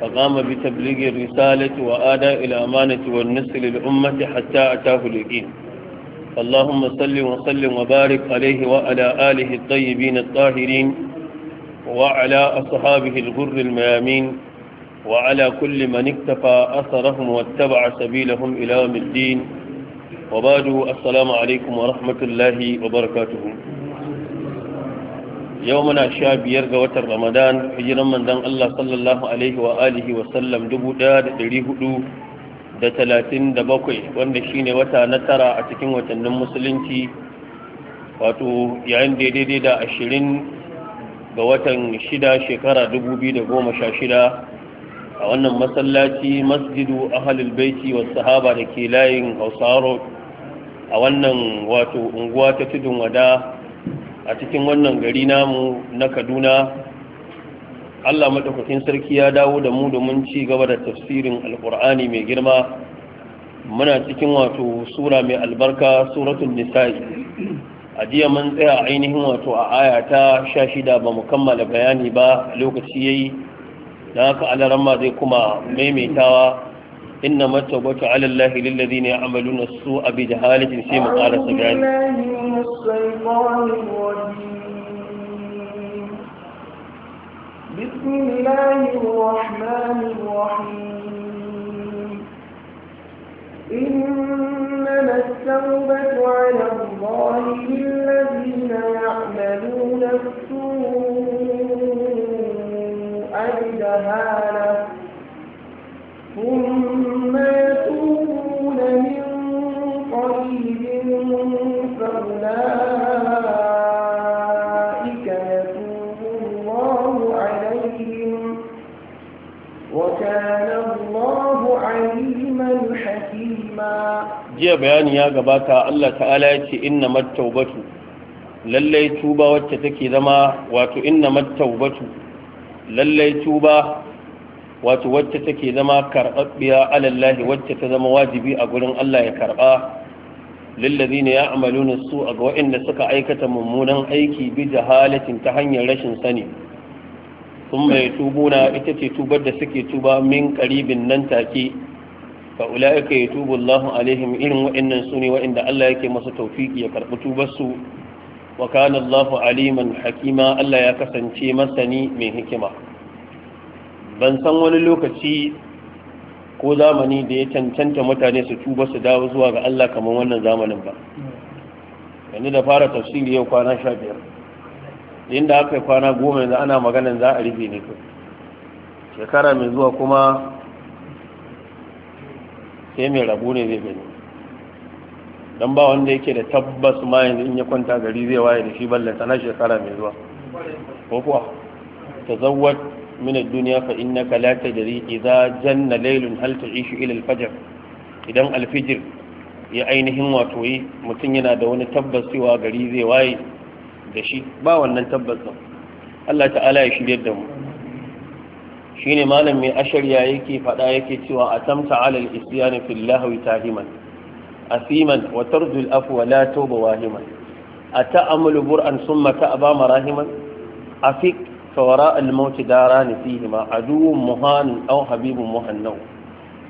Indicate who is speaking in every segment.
Speaker 1: فقام بتبليغ الرسالة وآداء الأمانة والنسل للأمة حتى أتاه اليقين اللهم صل وسلم وبارك عليه وعلى آله الطيبين الطاهرين وعلى أصحابه الغر الميامين وعلى كل من اكتفى أثرهم واتبع سبيلهم إلى يوم الدين وبعد السلام عليكم ورحمة الله وبركاته yau muna sha biyar ga watan ramadan hijiran manzon Allah sallallahu alaihi wa alihi wa sallam dubu ɗaya da ɗari hudu da talatin da bakwai wanda shine wata na tara a cikin watannin musulunci wato yayin daidai da ashirin ga watan shida shekara dubu biyu da goma sha shida a wannan masallaci masjidu ahalul baiti wa sahaba da ke layin hausaro a wannan wato unguwa ta tudun wada a cikin wannan gari namu na kaduna allah maɗaukakin sarki ya dawo da mu domin ci gaba da tafsirin alƙur'ani mai girma muna cikin wato sura mai albarka suratun nisa'i a jiya mun tsaya ainihin wato a aya ta sha shida ba mu kammala bayani ba lokaci ya yi haka alarama zai kuma maimaitawa إنما التوبة على الله للذين يعملون السوء بجهالة في مقالة سجان
Speaker 2: بسم الله الرحمن الرحيم إنما التوبة على الله للذين يعملون السوء بجهالة ثم يتوبون من قريب فأولئك يتوب الله عليهم وكان الله عليما حكيما
Speaker 1: جاء بيان يا غباتا الله تعالى يتي إنما التوبة lallai tuba wacce take zama wato inna mattaubatu lallai tuba wato wacce take zama karɓaɓɓiya alallahi wacce ta zama wajibi a gurin Allah ya karɓa lillazina ya'maluna su'a ga waɗanda suka aikata mummunan aiki bi jahalatin ta hanyar rashin sani sun mai tubuna ita ce tubar da suke tuba min karibin nan take fa ulaika yatubu Allahu alaihim irin waɗannan suna waɗanda Allah yake masa tawfiki ya karɓi tubar su wa kana Allahu aliman hakima Allah ya kasance masani mai hikima ban san wani lokaci ko zamani da ya cancanta mutane su tuba su dawo zuwa ga Allah kamar wannan zamanin ba yanzu da fara tafsiri yau kwana sha biyar inda aka yi kwana goma yanzu ana magana za a rufe ne ka. shekara mai zuwa kuma sai mai rabu ne zai gani don ba wanda yake da tabbas ma yanzu in ya kwanta gari zai waye da shi ballanta na shekara mai zuwa ko kuwa zawar min ad-dunya ka innaka la tadri idza janna laylun hal ta'ishu ila al idan al ya ainihin wato mutum yana da wani tabbas cewa gari zai waye da shi ba wannan tabbas din Allah ta'ala ya shirye da mu shine malam mai ashariya yake fada yake cewa atamta ala al-isyan fil lahwi tahiman asiman wa tarju al-afwa la tawba wahiman أتأمل برأ ثم تأبى مراهما أفك فوراء الموت داران فيهما عدو مهان أو حبيب مهنو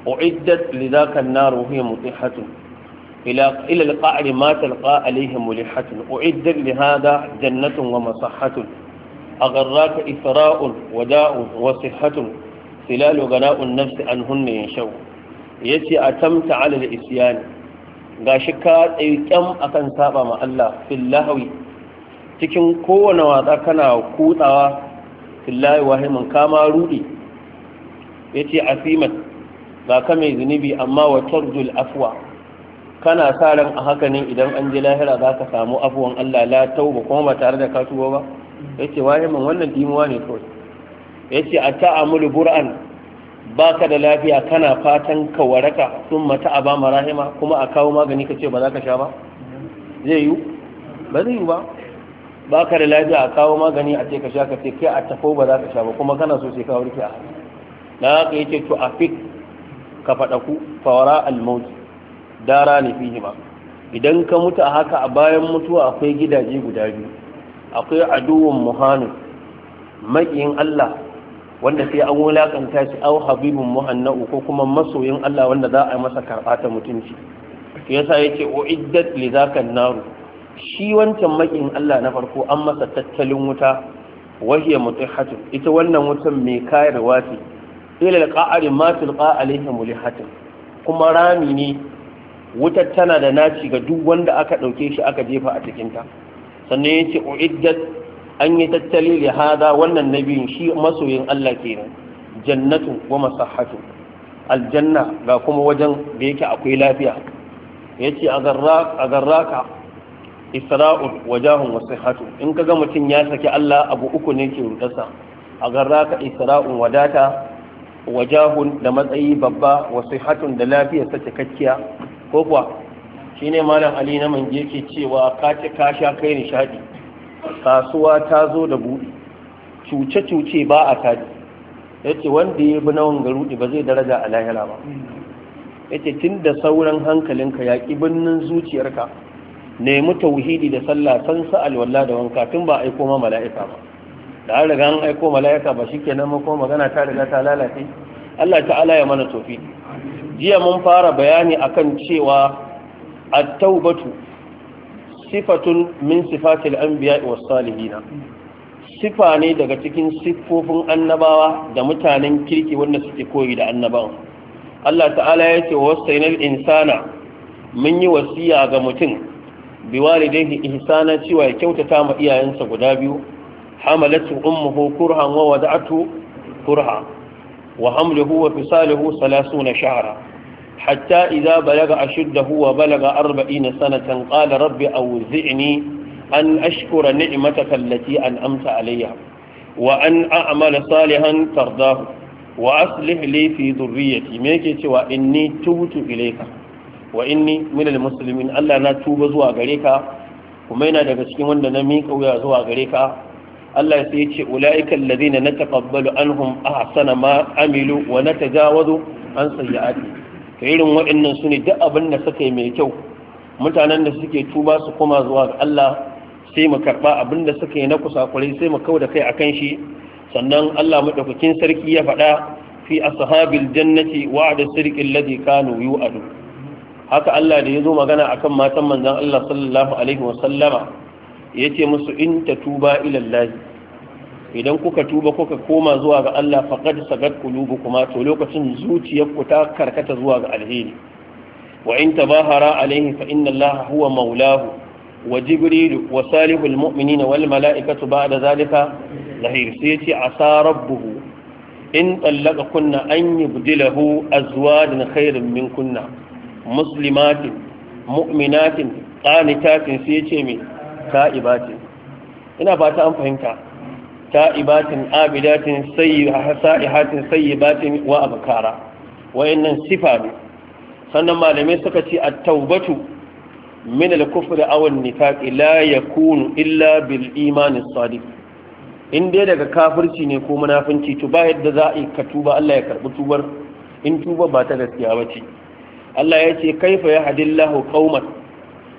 Speaker 1: أعدت لذاك النار وهي مطيحة إلى إلى القعر ما تلقى عليه ملحة أعدت لهذا جنة ومصحة أغراك إثراء وداء وصحة سلال غناء النفس عنهن ينشو يتي أتمت على الإسيان غاشكات أي كم أكن سابا مع الله في اللهوي cikin kowane wasa kana kutsawa fillahi wahimin kama rudi yace asimat ba ka mai zunubi amma wa tarjul afwa kana sa ran a haka ne idan an ji lahira za ka samu afuwan Allah la tauba kuma ba tare da ka ba yace wahimin wannan dimuwa ne kawai yace ata'amul bur'an baka da lafiya kana fatan ka waraka sun mata aba marahima kuma a kawo magani ka ce ba za ka sha ba zai yi ba zai yi ba ba ka da lafiya a kawo magani a ce ka sha ka ce kai a tafo ba za ka sha ba kuma kana so sai ka warke a na haka yake to a fik ka faɗa ku fawara almaut dara ne fi hima idan ka mutu a haka a bayan mutuwa akwai gidaje guda biyu akwai aduwun muhanu maƙiyin Allah wanda sai an wulakanta shi au habibun muhanna'u ko kuma masoyin Allah wanda za a yi masa karɓa ta mutunci yasa yace iddat li zakan naru shi wancan makin Allah na farko an masa tattalin wuta wahiya mutihatu ita wannan wutan mai kayarwa ce ila alqa'ari ma tulqa alaihim mulihatu kuma rami ne wutar tana da naci ga duk wanda aka dauke shi aka jefa a cikin ta sannan yace uiddat an yi tattali da hada wannan nabiyin shi masoyin Allah kenan jannatu wa masahhatu aljanna ga kuma wajen da yake akwai lafiya yace agarraka isra'ul wajahun wasu hatu in ka ga mutum ya saki Allah abu uku ne ke rudarsa a garra ka isra'un wadata wajahun da matsayi babba wasu hatun da lafiyar ta cikakkiya ko kuwa shi ne malam ali na Manje ke cewa ka ci ka sha kai nishaɗi. kasuwa ta zo da buɗi cuce-cuce ba a kaji. ya ce wanda ya bi nawan garuɗi ba zai daraja a lahira ba ya ce tun da sauran hankalinka ya ƙi birnin zuciyarka nemi tauhidi da sallah san sa alwala da wanka tun ba aiko ma mala'ika ba da an riga an aiko mala'ika ba shikenan ma ko magana ta riga ta lalace Allah ta'ala ya mana tofi jiya mun fara bayani akan cewa at-taubatu sifatun min sifatil anbiya wa salihina sifa ne daga cikin siffofin annabawa da mutanen kirki wanda suke koyi da annabawa Allah ta'ala ya ce wasainal insana mun yi wasiya ga mutum biwalidayhi ihsana cewa ya kyautata ma iyayensa guda biyu hamalatu ummuhu kurhan wa wada'atu kurha wa hamluhu wa fisaluhu 30 shahra hatta idza balaga ashuddahu wa balaga 40 sanatan qala rabbi awzi'ni an ashkura ni'mataka allati an'amta alayya wa an a'mala salihan tardahu wa aslih li fi dhurriyyati me yake cewa inni tubtu ilayka wa inni minal muslimin Allah na tuba zuwa gare ka kuma yana daga cikin wanda na miƙa wuya zuwa gare ka Allah sai ya ce ulaika alladhina nataqabbalu anhum ahsana ma amilu wa natajawazu an sayyi'ati to irin waɗannan sune duk abin da suka yi mai kyau mutanen da suke tuba su koma zuwa ga Allah sai mu karba abin da suka yi na kusakurai sai mu kauda kai akan shi sannan Allah madaukakin sarki ya faɗa fi ashabil jannati wa'da sirqil ladhi kanu yu'adu haka Allah da ya zo magana akan matan manzon Allah sallallahu alaihi wa yace musu in ta tuba Allah idan kuka tuba kuka koma zuwa ga Allah faqad kulubu kuma to lokacin zuciyarku ta karkata zuwa ga alheri wa in tabahara alaihi fa inna Allah huwa maulahu wa jibrilu wa salihul mu'minina wal mala'ikatu ba'da zalika lahir sai yace asa rabbuhu in tallaka kunna an yubdilahu azwajan khairin min kunna muslimatin mu'minatin qanitatin sai ce me ta'ibatin ina fata an fahimta ta'ibatin abidatin sayyihatin sayyibatin wa abkara wayannan sifa ne sannan malamai suka ce at-taubatu min al-kufr aw an-nifaq la yakunu illa bil iman as-sadiq in dai daga kafirci ne ko munafinci to ba yadda za a yi ka tuba Allah ya karbi tubar in tuba ba ta gaskiya ba ce Allah ya ce kaifa ya hadillahu qauman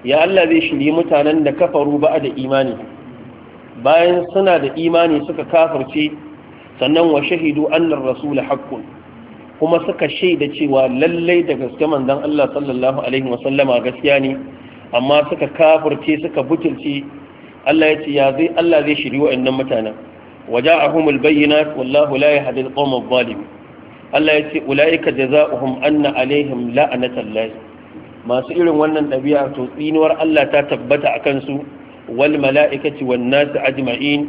Speaker 1: ya Allah zai shiri mutanen da kafaru ba da imani bayan suna da imani suka kafirce sannan wa shahidu annar rasul haqqun kuma suka shaida cewa lallai da gaske manzon Allah sallallahu alaihi wasallama gaskiya ne amma suka kafirce suka butulce Allah ya ce ya zai Allah zai shiri wa'annan mutanen waja'ahumul bayyinat wallahu la yahdi al dhalimin Allah ya ce ula'ika jaza'uhum anna alaihim la'anatallahi masu irin wannan ɗabi'a to tsinuwar Allah ta tabbata a kansu wal mala'ikati wan nasu ajma'in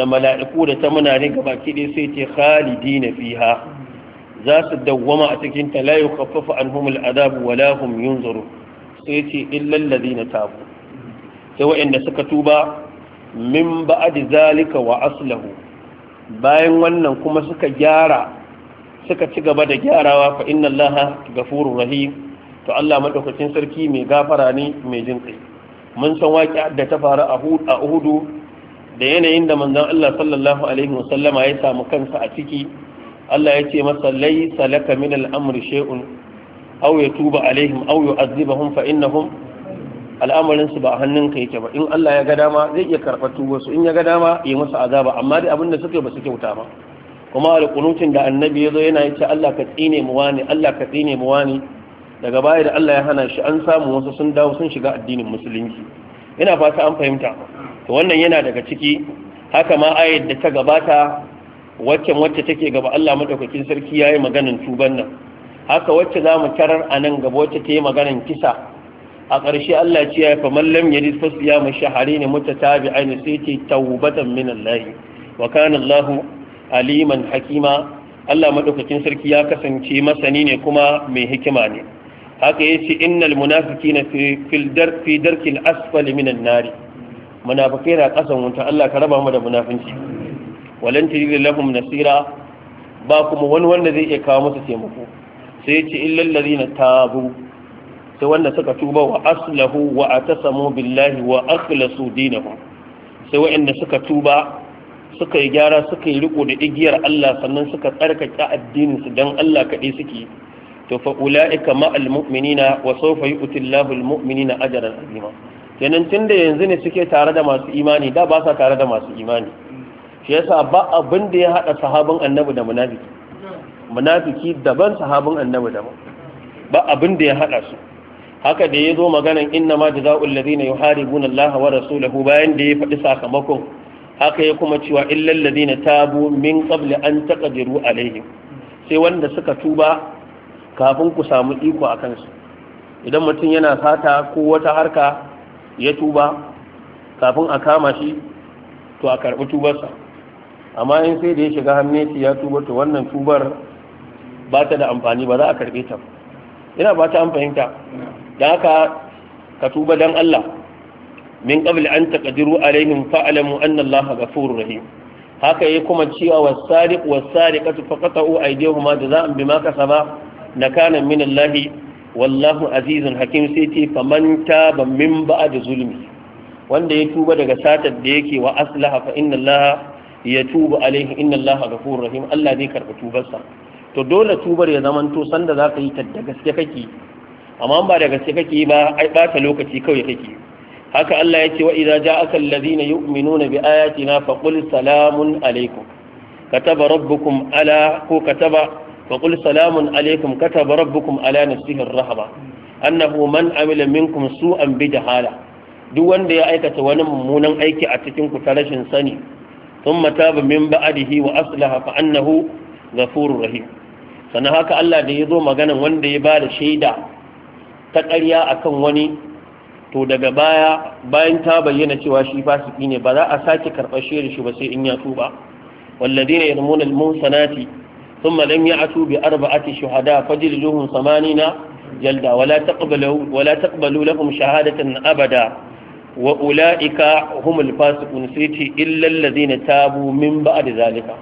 Speaker 1: da mala'iku da ta munane gaba kiɗe sai ce khalidina fiha za su dawwama a cikin ta la yukhaffafu anhum al'adab wa la hum yunzaru sai ce illal ladina tabu sai wa'anda suka tuba min ba'd zalika wa aslahu bayan wannan kuma suka gyara suka ci gaba da gyarawa fa inna allaha ghafurur rahim to Allah madaukakin sarki mai gafara ne mai jin kai mun san waƙi da ta faru a Uhudu da yanayin da manzon Allah sallallahu alaihi wasallama ya samu kansa a ciki Allah ya ce masa laysa laka min al-amri shay'un aw yatuba alaihim aw yu'adhibahum fa innahum al'amarin su ba a hannunka yake ba in Allah ya ga dama zai iya karɓar su? in ya ga dama ya masa azaba amma dai abin da suke ba su kyauta ba kuma alƙunutin da annabi ya zo yana yi ce Allah ka tsine mu wani Allah ka tsine mu wani daga baya da Allah ya hana shi an samu wasu sun dawo sun shiga addinin musulunci ina fata an fahimta to wannan yana daga ciki haka ma ayat da ta gabata waccan wacce take gaba Allah madaukakin sarki yayi maganan tuban nan haka wacce za mu tarar a nan gaba wacce ta yi maganan kisa a ƙarshe Allah ce ya fa mallam yadi fasiya mu shahari ne mutatabi'ain sai ce tawbatan minallahi wa kana Allahu aliman hakima Allah madaukakin sarki ya kasance masani ne kuma mai hikima ne haka yace innal munafiqina fi fi darkil asfali minan nari munafikai na kasan wuta Allah ka raba mu da munafinci walan tajid lahum nasira ba kuma wani wanda zai iya kawo musu taimako sai yace illal ladina tabu sai wanda suka tuba wa aslahu wa atasamu billahi wa akhlasu dinahum sai waɗanda suka tuba suka yi gyara suka yi riko da igiyar Allah sannan suka tsarkake addinin su dan Allah kaɗai suke to fa ulaika ma al mu'minina wa sawfa yu'ti Allahu al mu'minina ajran azima kenan tunda yanzu ne suke tare da masu imani da ba sa tare da masu imani shi yasa ba abin da ya hada sahabin annabi da munafiki munafiki daban sahabin annabi daban ba abin da ya hada su haka da ya zo maganan inna ma jaza'ul ladina yuharibuna Allah wa rasulahu bayan da ya faɗi sakamakon haka ya kuma cewa illal ladina tabu min qabli an taqdiru alaihim sai wanda suka tuba kafin ku samu iko a kansu idan mutum yana fata ko wata harka ya tuba kafin a kama shi to a karɓi tubarsa amma in sai da ya shiga hannunsa ya tuba to wannan tubar ba ta da amfani ba za a karɓe ta ina ba ta ta da haka ka tuba don Allah min qabl an taqdiru alaihim fa'lamu anna Allah ghafurur rahim haka yayi kuma cewa was-sariq was-sariqatu faqata'u aydihuma jazaa'an bima kasaba nakana min Allah wallahu azizun hakim sai ce faman taba min ba'da zulmi wanda ya tuba daga satar da yake wa aslaha fa inna Allah ya tuba alaihi inna Allah ghafurur rahim Allah zai karɓi tubarsa to dole tubar ya zamanto sanda za ka yi ta da gaske kake amma ba da gaske kake ba ai ɓata lokaci kawai kake haka Allah ya ce wa idza ja'aka alladhina yu'minuna bi na faqul salamun alaykum kataba rabbukum ala ko kataba faqul salamun alaykum kataba rabbukum ala nafsihi rahama annahu man amila minkum an bi jahala duk wanda ya aikata wani mummunan aiki a cikin ku ta rashin sani thumma taba min ba'dihi wa aslaha fa annahu ghafurur rahim sannan haka Allah da ya zo maganan wanda ya ba da shaida ta ƙarya akan wani to daga baya bayan ta bayyana cewa shi fasiki ne ba za a sake karɓar shirin shi ba sai in ya tuba walladina yarmuna almuhsanati thumma lam ya'tu bi arba'ati shuhada fajliduhum samanina jalda wala taqbalu wala taqbalu lahum shahadatan abada wa ulaika humul fasiqun sai ce zai na tabo min da zalika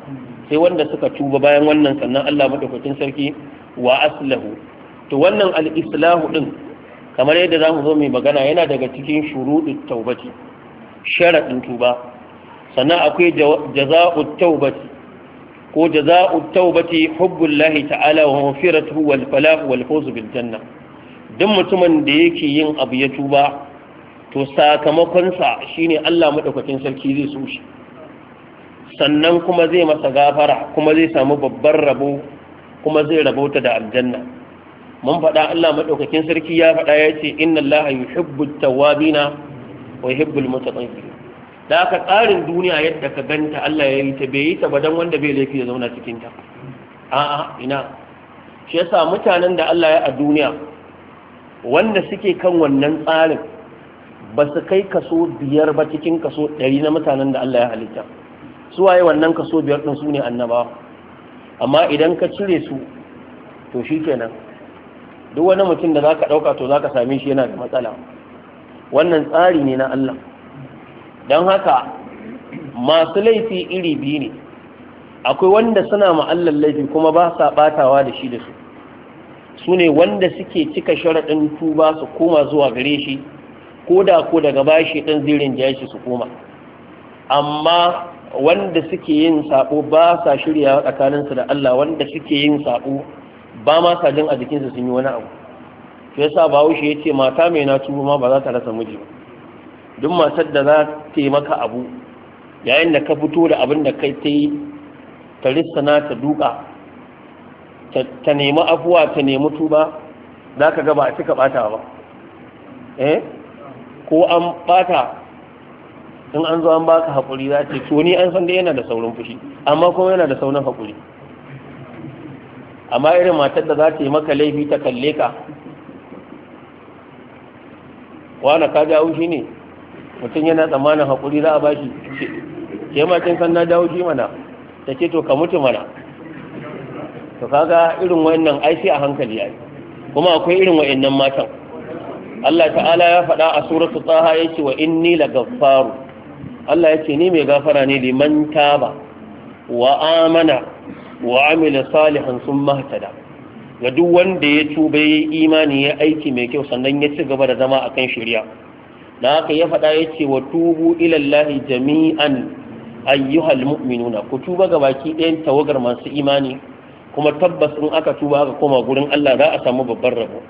Speaker 1: sai wanda suka tuba bayan wannan sannan Allah madaukakin sarki wa aslahu to wannan al-islahu din kamar yadda za mu zo mai magana yana daga cikin shuruɗin taubaci sharaɗin tuba sannan akwai jaza'ut taubaci ko jaza'ut hubbun hubbullahi ta'ala wa mafiratuhu wal falah wal fawz bil janna duk mutumin da yake yin abu ya tuba to sakamakonsa shine Allah madaukakin sarki zai so shi sannan kuma zai masa gafara kuma zai samu babban rabo kuma zai rabota da aljanna mun faɗa Allah maɗaukakin sarki ya faɗa ya ce inna Allah yuhibbu tawabina wa yuhibbul mutatahhirin da aka tsarin duniya yadda ka ganta Allah ya yi ta bai yi ta ba don wanda bai laifi ya zauna cikin ta a'a ina shi yasa mutanen da Allah ya a duniya wanda suke kan wannan tsarin ba su kai kaso biyar ba cikin kaso ɗari na mutanen da Allah ya halitta su waye wannan kaso biyar ɗin su ne annaba amma idan ka cire su to shi kenan duk wani mutum da za ka ɗauka to za ka sami shi yana da matsala wannan tsari ne na Allah don haka masu laifi iri biyu ne akwai wanda suna ma'allar laifi kuma ba sa batawa da shi da su su ne wanda suke cika sharaɗin tuba su koma zuwa gare shi ko da ko daga bashi ɗan zirin ya shi su koma amma wanda suke yin sabo ba sa shirya tsakaninsu da Allah wanda suke yin saɓo ba ma sa jin a jikinsa sun yi wani abu shi yasa bahaushe ya ce mata mai na tubu ma ba za ta rasa miji ba duk matar da za ta maka abu yayin da ka fito da abin da kai ta yi ta rissana ta duka ta nemi afuwa ta nemi tuba za ka gaba a cika bata ba eh ko an bata in an zo an baka hakuri za ce to ni an san da yana da saurin fushi amma kuma yana da saurin hakuri. amma irin matar da za ta yi maka laifi ta kalle ka wani ka jawo shi ne mutum yana tsammanin haƙuri za a ba shi ke matin kan na jawo shi mana ta ce to ka mutu mana to kaga irin wannan ai a hankali ai kuma akwai irin wayannan matan Allah ta'ala ya faɗa a suratu ya ce wa inni gaffaru Allah ya ce ni mai gafara ne liman taba wa amana wa amila salihan sun mahtada ga duk wanda ya tuba ya imani ya aiki mai kyau sannan ya ci gaba da zama akan shirya, da haka ya faɗa ya ce wa tubu ilallahi jami'an ayyuhal mu'minuna ku tuba ga baki ɗayan tawagar masu imani kuma tabbas in aka tuba aka koma gurin Allah za a samu babban rabo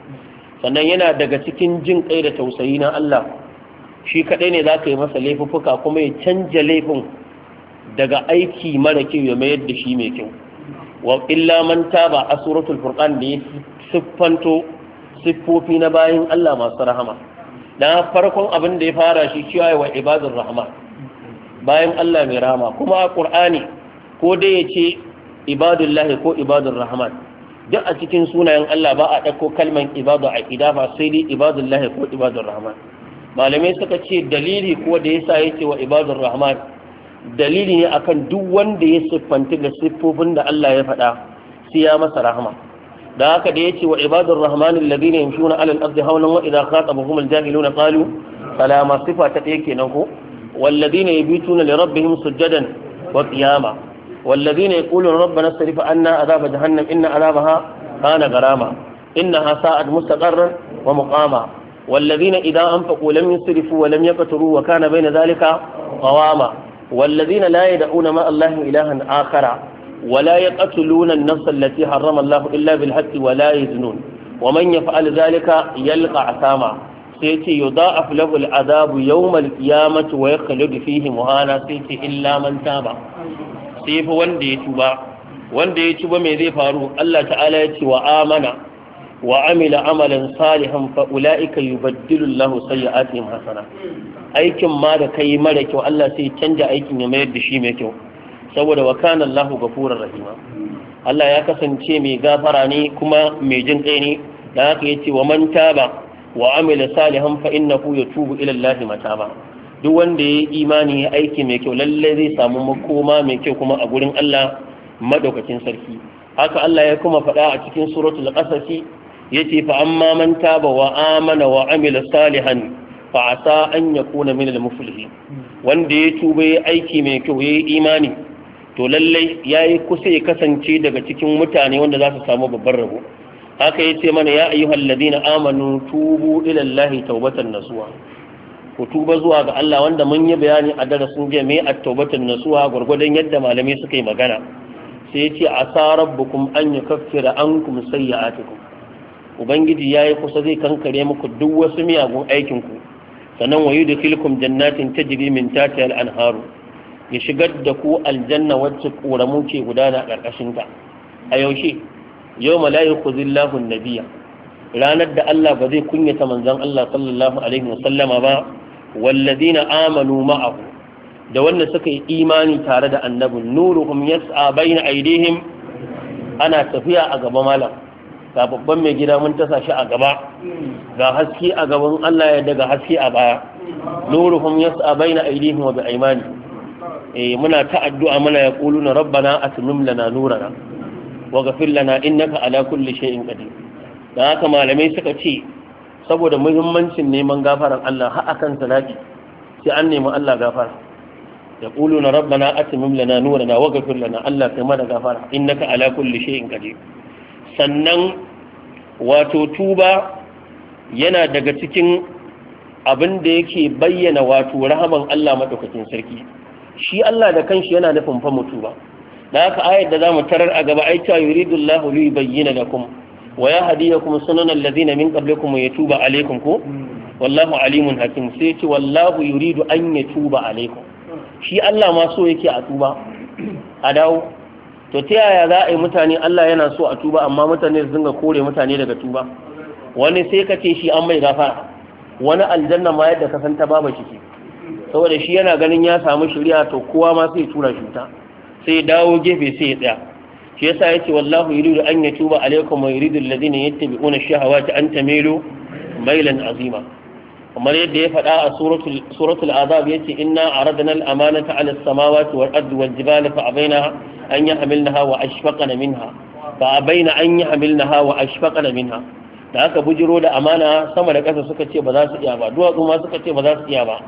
Speaker 1: sannan yana daga cikin jin kai da tausayi na Allah shi kaɗai ne za ka yi masa laifuffuka kuma ya canja laifin daga aiki mara kyau ya mayar da shi mai kyau wa illa man taba a suratul furqan da ya siffanto siffofi na bayan Allah masu rahama na farkon abin da ya fara shi cewa wa ibadur rahama bayan Allah mai rahama kuma a qur'ani ko dai ya ce ibadullahi ko ibadur rahman duk a cikin sunayen Allah ba a ɗauko kalman ibadu a idafa sai dai ibadullahi ko ibadur rahman malamai suka ce dalili ko da yasa yace wa ibadur rahman dalili ne akan duk wanda ya siffanta da siffofin da Allah ya faɗa sai masa Rahma. da haka da yace wa ibadur rahmanil ladina yamshuna ala al-ard hawlan wa idha khatabahum al-jahilun qalu salama ɗaya ta take kenan ko wal ladina yabituna li rabbihim sujadan wa qiyama wal ladina yaquluna rabbana sarif anna adhab jahannam inna adhabaha kana garama innaha sa'at mustaqarran wa muqama wal ladina idha anfaqu lam yusrifu wa lam yaqtaru wa kana bayna dhalika qawama والذين لا يدعون ما الله إلها آخر ولا يقتلون النفس التي حرم الله إلا بالحق ولا يزنون ومن يفعل ذلك يلقى عثاما سيتي يضاعف له العذاب يوم القيامة ويخلد فيه مهانا سيتي إلا من تاب سيف وندي توبا وندي توبا ماذا فارو الله تعالى يتي وآمنا wa amila amalan salihan fa ulaika yubaddilu Allahu sayyi'atihim hasana aikin ma da kai mara kyau Allah sai canja aikin ya mayar da shi mai kyau saboda wa kana Allahu ghafurur Allah ya kasance mai gafara ne kuma mai jin kai ne da haka yace wa man taba wa amila salihan fa innahu yatubu ila Allahi mataba duk wanda ya yi imani ya aiki mai kyau lallai zai samu makoma mai kyau kuma a gurin Allah madaukakin sarki haka Allah ya kuma faɗa a cikin suratul qasasi Ya ce fa amma man taba wa amana wa amila salihan fa asa an yakuna min al-muflihin wanda ya tuba ya aiki mai kyau ya yi imani to lallai ya yi kusa ya kasance daga cikin mutane wanda za su samu babban rabo haka ya ce mana ya ayyuhal ladina amanu tubu allahi tawbatan nasuha ku tuba zuwa ga Allah wanda mun yi bayani a darasin jiya mai at tawbatan nasuha gwargwadon yadda malamai suka yi magana sai ya ce asa rabbukum an yukaffira ankum sayyi'atikum ubangiji ya yi kusa zai kankare muku duk wasu miyagun aikinku sannan wayu da filkum jannatin ta jiri min tati al'anharu ya shigar da ku aljanna wacce ƙoramu ke gudana a ƙarƙashinta a yaushe yau malayi ku zillahun nabiya ranar da Allah ba zai kunyata manzon Allah sallallahu alaihi wasallama ba wallazina amanu ma'ahu da wanda suka yi imani tare da annabin nuruhum yas'a baina aidihim ana tafiya a gaba malam ga babban mai gida mun tasa shi a gaba ga haske a gaban Allah ya daga haske a baya nuruhum yas'a baina aydihim wa bi'aymani eh muna ta addu'a muna yaquluna rabbana atmim lana nurana wa ghfir lana innaka ala kulli shay'in qadir dan haka malamai suka ce saboda muhimmancin neman gafaran Allah har akan salati sai an nemi Allah gafara yaquluna rabbana atmim lana nurana wa ghfir lana Allah kai mana gafara innaka ala kulli shay'in qadir sannan wato tuba yana daga cikin abin da yake bayyana wato rahaman Allah madaukakin sarki shi Allah da kanshi yana nufin fa mutu ba da haka ayar da zamu tarar a gaba aita yuridullahu li bayyana lakum wa yahdiyakum sunan ladina min qablikum yatuba alaykum ko wallahu alimun hakim sai ce wallahu yuridu an yatuba alaykum shi Allah ma so yake a tuba a dawo to ta yaya za a yi mutane Allah yana so a tuba amma mutane su dinga kore mutane daga tuba wani sai ka ce shi an mai gafara wani aljanna ma yadda ka san ta babu ciki saboda shi yana ganin ya samu shari'a to kowa ma sai tura shuta sai dawo gefe sai ya tsaya shi yasa ce wallahu yuridu an yatuba alaikum wa yuridu alladhina yattabi'una ash-shahawati an tamilu mailan azima kamar yadda ya faɗa a suratul azab ya ce inna a radanar ta ala samawati wal ardi wal jibali fa abaina an yi hamilnaha wa ashfaqana minha fa abaina an yi hamilnaha wa ashfaqana minha da aka bujiro da amana sama da ƙasa suka ce ba za su iya ba duwatsu ma suka ce ba za su iya ba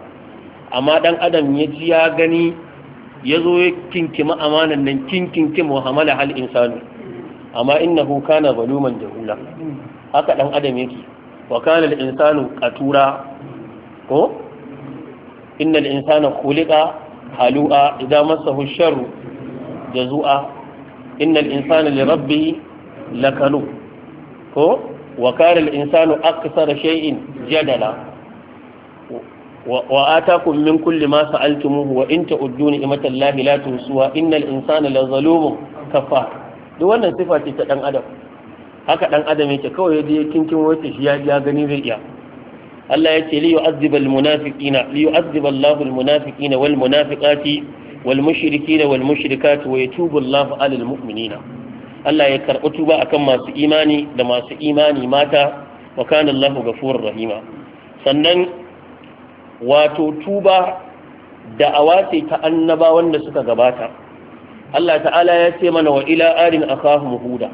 Speaker 1: amma ɗan adam ya ji ya gani ya zo ya kinkima amanan nan kinkinkim wa hamala hal insanu amma innahu kana zaluman jahula haka ɗan adam yake wa kana al insanu qatura ko innal insana khuliqa halu'a idza massahu sharru jazua innal insana li rabbihi lakanu ko wa kana al insanu akthara shay'in jadala wa atakum min kulli ma sa'altumuhu wa in ta'uddu ni'matallahi la tuhsuha innal insana la zalumun kafa duk wannan sifa ce ta dan adam haka dan adam yake kawai yaje kinkin wace shi ya gani zai iya Allah ya ce li yu'adhib al-munafiqina li yu'adhib Allahu wal munafiqati wal mushrikina wal mushrikati wa yatubu 'alal mu'minina Allah ya karɓi tuba akan masu imani da masu imani mata wa kana Allahu ghafurur rahima sannan wato tuba da awace ta annabawan da suka gabata Allah ta'ala ya ce mana wa ila arin akahum huda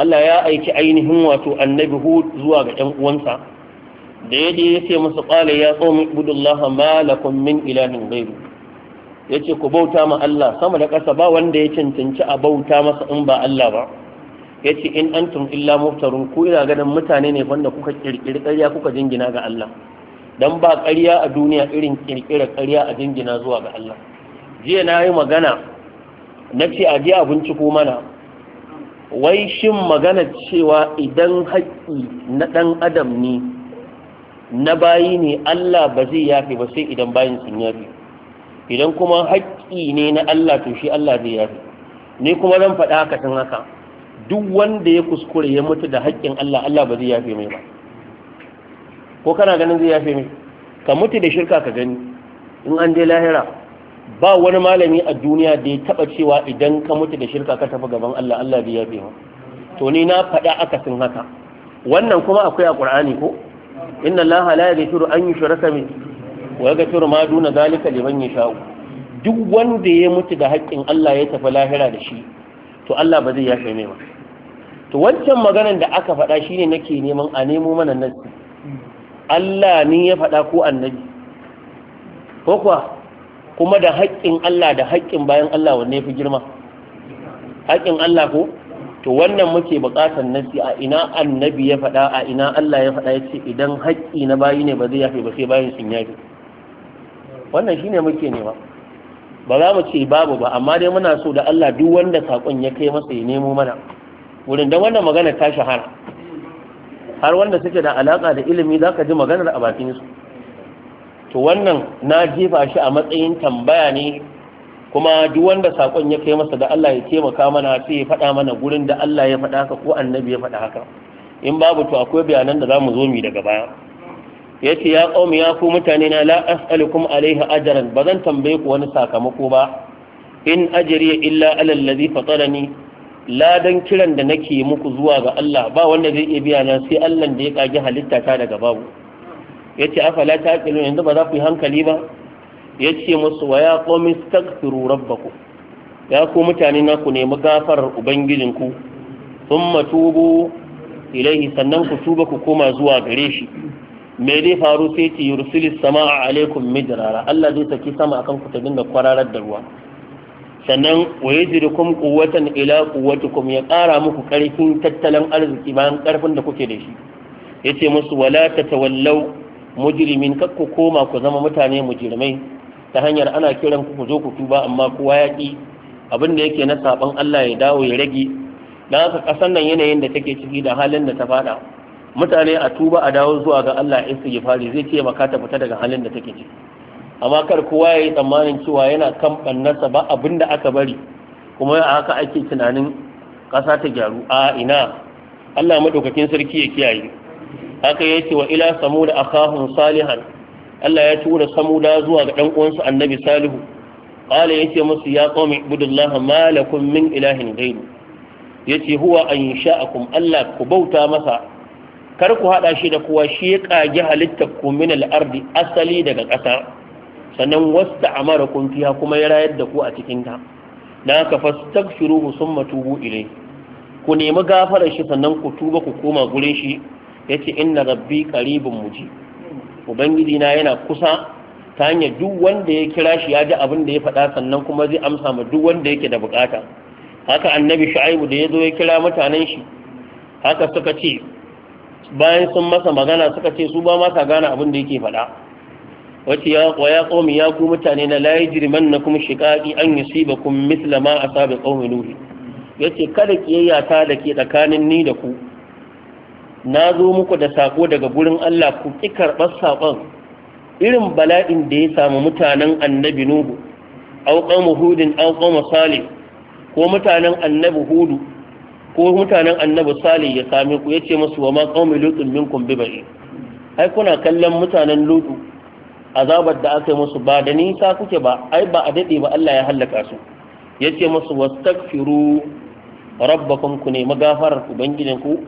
Speaker 1: Allah ya aiki ainihin wato annabi Hud zuwa ga 'yan uwansa da ya je ya ce musu ƙwale ya tsomi ibudullah ma lakum min ilahin gairu ya ce ku bauta ma Allah sama da ƙasa ba wanda ya cancanci a bauta masa in ba Allah ba ya ce in antum illa muftarun ku ina ganin mutane ne wanda kuka ƙirƙiri ƙarya kuka jingina ga Allah dan ba ƙarya a duniya irin ƙirƙirar ƙarya a jingina zuwa ga Allah jiya na yi magana na ce a je a binciko mana wai shin magana cewa idan haƙƙi na ɗan adam ne na bayi ne Allah ba zai yafe ba sai idan bayin sun yafe idan kuma haƙƙi ne na Allah to shi Allah zai yafe ne kuma zan faɗa haka tun haka duk wanda ya kuskure ya mutu da haƙƙin Allah Allah ba zai yafe mai ba ko kana ganin zai yafe mai ka mutu da shirka ka gani in an je lahira ba wani malami a duniya da ya taba cewa idan ka mutu da shirka ka tafi gaban Allah Allah zai yafe ma to ni na faɗa akasin haka wannan kuma akwai a ƙur'ani ko inna allaha la yaghfiru an yushraka bihi wa yaghfiru ma duna zalika liman yasha duk wanda ya mutu da haƙƙin Allah ya tafi lahira da shi to Allah ba zai yafe mai ba to wancan maganar da aka faɗa shine nake neman a nemo mana nasi Allah ne ya faɗa ko annabi ko kuwa kuma da haƙƙin Allah da haƙƙin bayan Allah wanne ya fi girma haƙƙin Allah ko to wannan muke buƙatar nasi a ina annabi ya faɗa a ina Allah ya faɗa ya ce idan haƙƙi na bayi ne ba zai yafe ba sai bayin sun yafe wannan shine muke nema ba za mu ce babu ba amma dai muna so da Allah duk wanda saƙon ya kai masa ya nemo mana wurin da wannan magana ta shahara har wanda suke da alaƙa da ilimi za ka ji maganar a bakin su to wannan na jefa shi a matsayin tambaya ne kuma duk wanda sakon ya kai masa da Allah ya taimaka mana sai ya faɗa mana gurin da Allah ya faɗa haka ko annabi ya faɗa haka in babu to akwai bayanan da zamu zo mu daga baya yace ya qaumi ya ku mutane na la as'alukum alaihi ajran zan tambaye ku wani sakamako ba in ajri illa ala alladhi fatarani ladan kiran da nake muku zuwa ga Allah ba wanda zai iya biya na sai Allah da ya kage halitta ta daga babu yace afala ta yanzu ba za ku yi hankali ba ya ce musu wa ya ƙomi stakfiru rabbaku ya ku mutane na ku nemi gafarar ubangijinku sun matubu ilaihi sannan ku tuba ku koma zuwa gare shi mai zai faru sai ce yursili sama a alaikum midrara Allah zai saki sama akan ku ta dinga kwararar da ruwa sannan wa yajrikum quwwatan ila quwwatikum ya kara muku ƙarfin tattalin arziki bayan ƙarfin da kuke da shi yace musu wala tatawallau mujrimin kakku koma ku zama mutane mujrimai ta hanyar ana kiran ku ku zo ku tuba amma kowa ya ki abin da yake na saban Allah ya dawo ya rage dan haka kasan nan yanayin da take ciki da halin da ta fada mutane a tuba a dawo zuwa ga Allah gifari zai ce maka ta fita daga halin da take ciki amma kar kowa ya yi tsammanin cewa yana kan bannarsa ba abinda aka bari kuma a haka ake tunanin ƙasa ta gyaru a ina Allah madaukakin sarki ya kiyaye haka yake wa ila da akahun salihan Allah ya tura samuda zuwa ga ɗan uwansu annabi salihu ya yace musu ya qaumi ibudullah malakun lakum min ilahin Ya yace huwa ansha'akum Allah ku bauta masa kar ku haɗa shi da kowa shi ya ƙage halittar ku min ardi asali daga ƙasa sannan wasta kun fiha kuma ya rayar da ku a cikin ta dan haka fastaghfiruhu summa tubu ilayhi ku nemi gafarar shi sannan ku tuba ku koma gurin shi yace inna rabbi qaribun mujib ubangiji na yana kusa ta hanyar duk wanda ya kira shi ya ji abin da ya faɗa sannan kuma zai amsa ma duk wanda yake da bukata haka annabi shu'aibu da ya zo ya kira mutanen shi haka suka ce bayan sun masa magana suka ce su ba ma sa gane abin da yake faɗa wace ya wa ya qaumi ya ku mutane na la yajrimannakum shiqaqi an yusibakum mithla ma asaba qaumi nuh yace kada kiyayya ta da ke tsakanin ni da ku na zo muku da sako daga gurin Allah ku ki karɓar sakon irin bala'in da ya samu mutanen annabi nuhu aw hudin aw ko mutanen annabi hudu ko mutanen annabi salih ya sami ku yace musu wa ma qawmi lutun minkum bi ba'i ai kuna kallon mutanen lutu azabar da aka yi musu ba da nisa kuke ba ai ba a dade ba Allah ya halaka su yace musu wastaghfiru rabbakum ku ne magafarar ubangijinku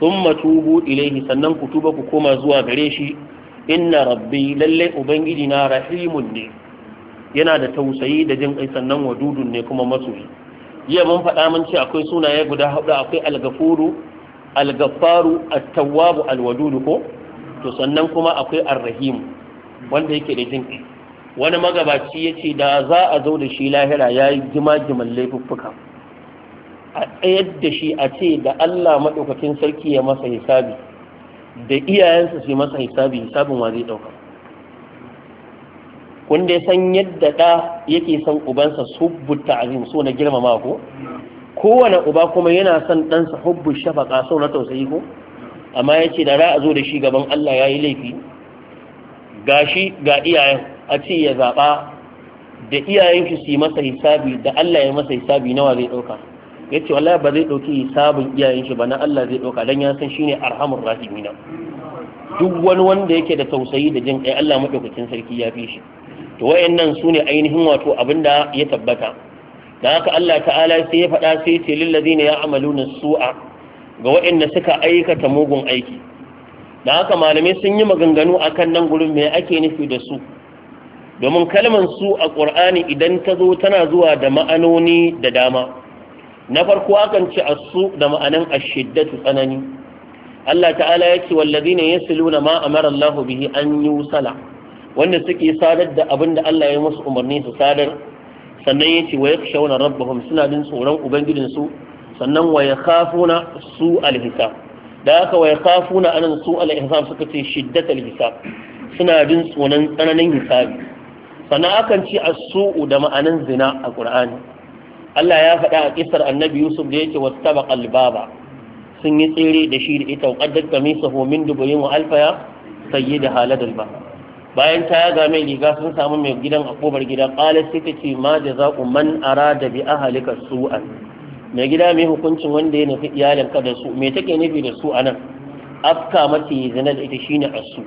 Speaker 1: Sun tubu ilaihi sannan ku tuba ku koma zuwa gare shi inna rabbi lallai ubangiji na rahimun ne yana da tausayi da jin kai sannan wadudun ne kuma masoyi jiya mun faɗa mun ce akwai sunaye guda hudu akwai algafuru algafaru attawwabu alwadudu ko to sannan kuma akwai arrahimu wanda yake da jin kai wani magabaci yace da za a zo da shi lahira yayi jima-jiman laifuffuka a tsayar da shi a ce da Allah maɗaukakin sarki ya masa hisabi da iyayensa su masa hisabi hisabin wa zai ɗauka kun ya san yadda ɗa yake son ubansa subbu ta'azim so na girmama ko kowane uba kuma yana son ɗansa hubbu shafaka so na tausayi ko amma ya ce da ra a zo da shi gaban Allah ya yi laifi ga shi ga iyayen a ce ya zaɓa da iyayen shi su yi masa hisabi da Allah ya masa hisabi nawa zai ɗauka ya ce wallahi ba zai ɗauki sabon iyayen shi ba na Allah zai ɗauka Dan ya san ne arhamur rahimina duk wani wanda yake da tausayi da jin kai Allah madaukakin sarki ya fi shi to wayannan sune ainihin wato abin da ya tabbata da haka Allah ta'ala sai ya faɗa sai ce lil ladina ya'maluna su'a ga wayanda suka aikata mugun aiki da haka malamai sun yi maganganu akan nan gurin me ake nufi da su domin kalmar su a Qur'ani idan ta zo tana zuwa da ma'anoni da dama na farko akan ci asu da ma'anan ashiddatu tsanani Allah ta'ala ya ce wallazina yasluna ma amara Allah bihi an Sala. wanda suke sadar da abin da Allah ya musu umarni su sadar sannan ya ce wa yakhshawna rabbahum suna jin tsoron ubangijin sannan wa yakhafuna su alhisab da aka wa yakhafuna anan su alhisab suka ce shiddat alhisab suna jin tsoron tsananin hisabi sannan akan ci asu da ma'anin zina a ƙur'ani. Allah ya faɗa a kisar annabi Yusuf da yake wasu taba kalbaba sun yi tsere da shi da ita ƙaddar da misa homin dubayin wa alfaya sayi da haladar ba bayan ta yaga mai riga sun samu mai gidan a ƙobar gida ƙalar sai ta ce ma da za ku man ara da bi ahalika an. mai gida mai hukuncin wanda ya nufi iyalinka da su me take nufi da su anan afka mace zina da ita shine asu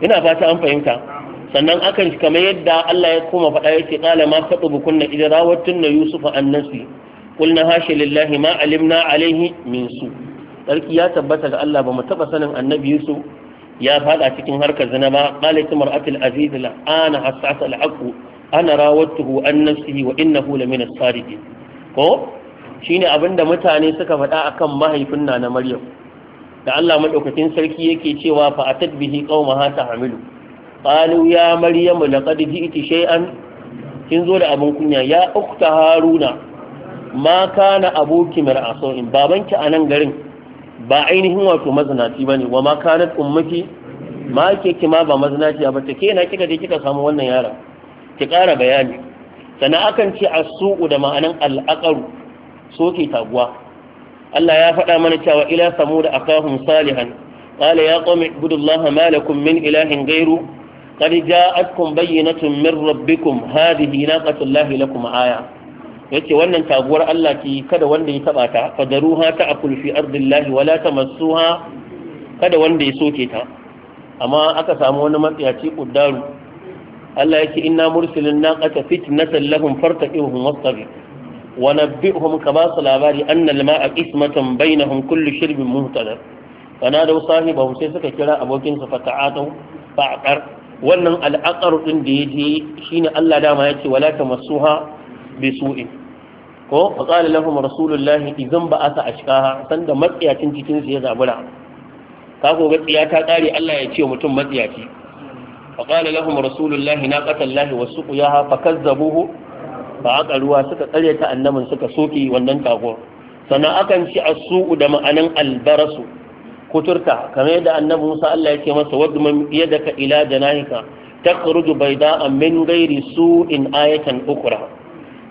Speaker 1: ina fata an fahimta sannan akan kamar yadda Allah ya koma faɗa ya ce ƙala ma kaɗu bukunna idan rawatun na Yusufa an nasi kulna hashe lillahi ma alimna alaihi min su sarki ya tabbata ga Allah ba mu taɓa sanin annabi Yusuf ya faɗa cikin harkar zina ba ƙala ta mar'atul aziz ana hasasa al'aqu ana rawattuhu an nafsihi wa innahu lamina sadiqin ko shine abinda mutane suka faɗa akan mahaifin na na Maryam da Allah madaukakin sarki yake cewa fa atadbihi ta hamilu qalu ya maryamu laqad ji'ti shay'an kin zo da abin kunya ya ukta haruna ma kana abuki mar'asoin babanki a nan garin ba ainihin wato ba bane wa ma kanat ummaki ma ke kima ba mazanaci ba ta kena kika je kika samu wannan yara ki ƙara bayani sana akan ce as-su'u da ma'anan al-aqaru ke taguwa Allah ya faɗa mana cewa ila da akahum salihan qala ya qawmi budullaha ma lakum min ilahin ghairu qad ja'atkum bayyinatun min rabbikum hadhihi naqatullahi lakum aya yace wannan taguwar Allah ki kada wanda ya taba ta fadaruha ta akul fi ardillahi wala tamassuha kada wanda ya soke ta amma aka samu wani matsayaci kuddaru Allah yake inna mursilin naqata fitnatan lahum fartaqihum wastabir wa nabbi'hum ka ba su labari annal ma'a qismatan bainahum kullu shirbin muhtadar fanadaw sahibahum sai suka kira abokin sa fata'atu fa'qar wannan al'akar din da ya je shine Allah dama ce, wala tamassuha bai su'in ko fa qala lahum rasulullahi idan ba asa ashqaha sanda matsiyacin cikin su ya zabura ka ko ga ta kare Allah ya ce mutum matsiyaci fa qala lahum rasulullahi naqatallahi wasuqiyaha fakazzabuhu fa aqaluwa suka karyata annabin suka soke wannan tagor sannan akan ci suu da ma'anan albarasu kuturta kamar yadda annabi Musa Allah ya ce masa wadda wadman yadaka ila janahika da bayda'an min ghairi in ayatan ukura.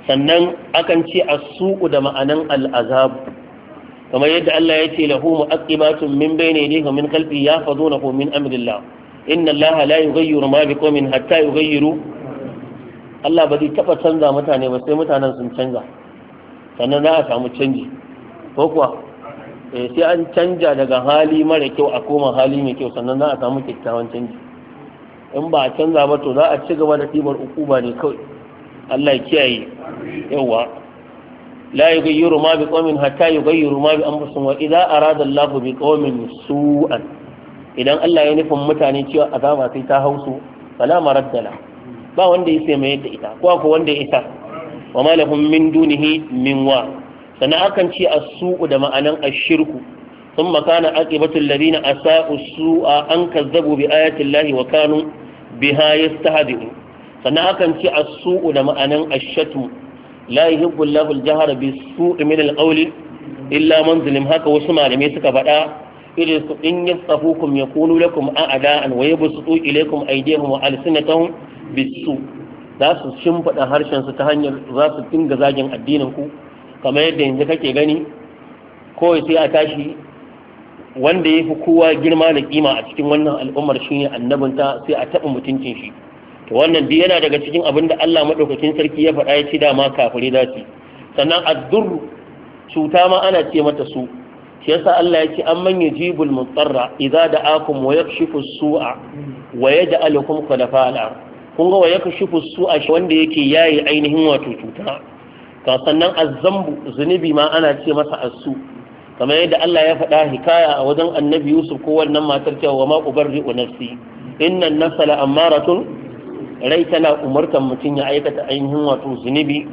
Speaker 1: sannan akan ce a suu da ma'anan al'azabu. kamar yadda Allah ya ce lahu mu'aqibatun min bayni yadayhi min ya khalfi yahfazunahu min amrillah inna Allah la yughayyiru ma biqawmin hatta yughayyiru Allah ba zai taɓa canza mutane ba sai mutanen sun canza sannan za a samu canji ko kuwa eh sai an canja daga hali mara kyau a koma hali mai kyau sannan za a samu kyakkyawan canji in ba a canza ba to za a ci gaba da ɗibar ba ne kawai Allah ya kiyaye yawa la yughayyiru ma bi qaumin hatta yughayyiru ma bi anfusihim wa idza arada Allahu bi qaumin su'an idan Allah ya nufin mutane cewa azaba sai ta hausu fala maraddala ba wanda ya sai mai yadda ita ko ko wanda ya isa wa ma min dunihi min wa sannan akan ce a suu da ma'anan ash-shirku makana كان عاقبة الذين أساءوا السوء أن كذبوا بآيات الله وكانوا ta يستهزئون sannan akan ce a suu da ma'anan ash-shatu la yuhibbu Allahu min al illa man zulim haka wasu malamai suka faɗa irin su in yastafukum yakunu lakum a'da'an wa yabsutu ilaykum aydihim wa alsinatahum bis-su' za su shimfiɗa harshen su ta hanyar za su dinga zagin addinin ku kamar yadda yanzu kake gani kawai sai a tashi wanda ya fi kowa girma da kima a cikin wannan al'ummar shi ne annabinta sai a taɓa mutuncin shi to wannan duk yana daga cikin abin da Allah madaukakin sarki ya faɗa ya ce dama kafire za su sannan addur cuta ma ana ce mata su shi yasa Allah ya ce an amman yujibul mutarra idza da'akum wa yakshifu su'a wa yaj'alukum khulafa al-ard kun ga wa yakshifu su'a wanda yake yayi ainihin wato cuta Ka sannan azzambu zunubi ma ana ce masa asu kamar yadda Allah ya faɗa hikaya a wajen annabi Yusuf ko wannan matar cewa wa ma ubarri'u nafsi innan amma la'ammaratun rai tana umartar mutum ya aikata ainihin wato zunubi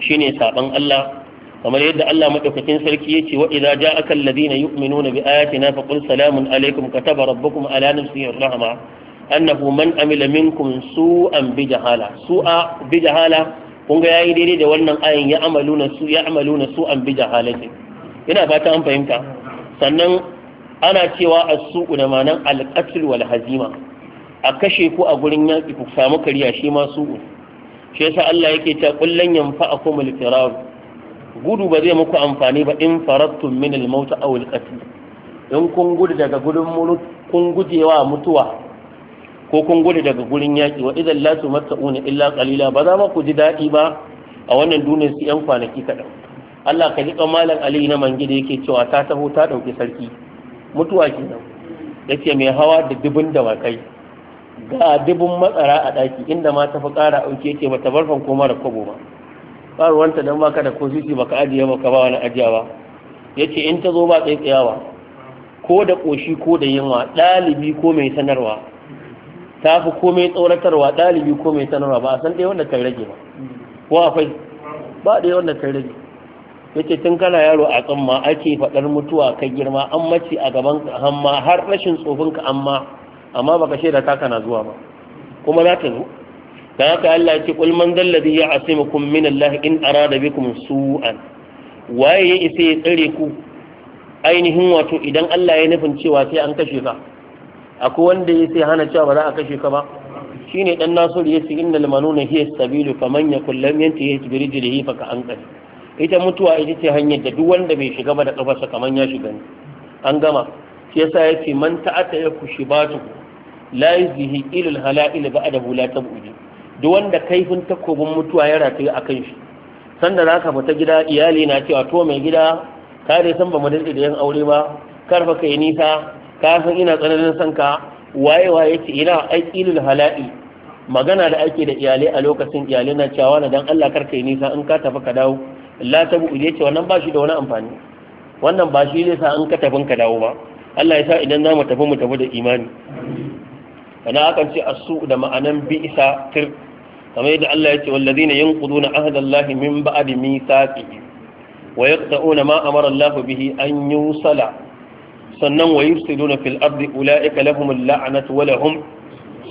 Speaker 1: shine saban Allah kamar yadda Allah madaukakin sarki yace wa idza ja'aka alladhina yu'minuna bi ayatina faqul salamun alaykum kataba rabbukum ala nafsihi rahma annahu man amila minkum su'an bi jahala su'a bi jahala kun ga yayi daidai da wannan ayin ya amaluna su ya na su an bi jahalatin ina fata an fahimta sannan ana cewa a suu da manan al-qatl wal hazima a kashe ku a gurin yaki ku samu kariya shi ma su'u shi yasa Allah yake ta kullan a al-firar gudu ba zai muku amfani ba in faratun min al-maut aw al-qatl in kun gudu daga gudun kun gujewa mutuwa ko kun gudu daga gurin yaƙi wa idan la su matta'una illa qalila ba za ma ku ji daɗi ba a wannan duniyar su yan kwanaki kaɗan Allah ka jiƙa malam Ali na mangi da yake cewa ta taho ta ɗauki sarki mutuwa ke nan. Ya ce mai hawa da dubun dawakai ga dubun matsara a ɗaki inda ma ta fi ƙara auki yake ta barfan koma da kwabo ba ba ruwanta don ka da ko ba ka ajiye ka ba wani ajiyawa ce in ta zo ba tsaitsayawa ko da ƙoshi ko da yunwa ɗalibi ko mai sanarwa ta fi komai tsoratarwa ɗalibi ko mai sanarwa ba a san ɗaya wanda ta rage ba ko akwai ba ɗaya wanda ta rage yake tun kana yaro a tsamma ake faɗar mutuwa kai girma an mace a gaban ka, hamma har rashin tsofin ka amma amma baka shaida ta kana zuwa ba kuma za ta zo da haka Allah ya ce qul man dalladhi ya'simukum min Allah in arada bikum su'an waye ya isa ya tsare ku ainihin wato idan Allah ya nufin cewa sai an kashe ka akwai wanda ya sai hana cewa ba za a kashe ka ba shine dan nasiru inda innal na hiyar sabilu kullum yakul lam biriji da hifa ka ƙasa. ita mutuwa ita ce hanyar da duk wanda bai shiga ba da ƙafarsa kamar ya shiga ne an gama shi yasa ce man ta'ata ba shibatu la yuzhi ila al hala'il ba'dahu la tabudi duk wanda kaifin takobin mutuwa ya rataye a kan shi sanda za ka fita gida iyali na cewa to mai gida ka dai san ba mu da yan aure ba karfa kai nisa ka san ina tsananin son ka waye waye ce ina aikilul hala'i magana da ake da iyalai a lokacin iyalai na cewa na dan Allah karka yi nisa in ka tafi ka dawo la ta bu ce wannan ba shi da wani amfani wannan ba shi zai sa in ka tafi ka dawo ba Allah ya sa idan za mu tafi mu tafi da imani kana akan ce asu da ma'anan bi isa tir kamar yadda Allah ya ce wallazina yanquduna ahdallahi min ba'di mithaqihi wa yaqta'una ma amara Allah bihi an yusala sannan wa yufsiduna fil ardi ulaika lahum la'natu wa lahum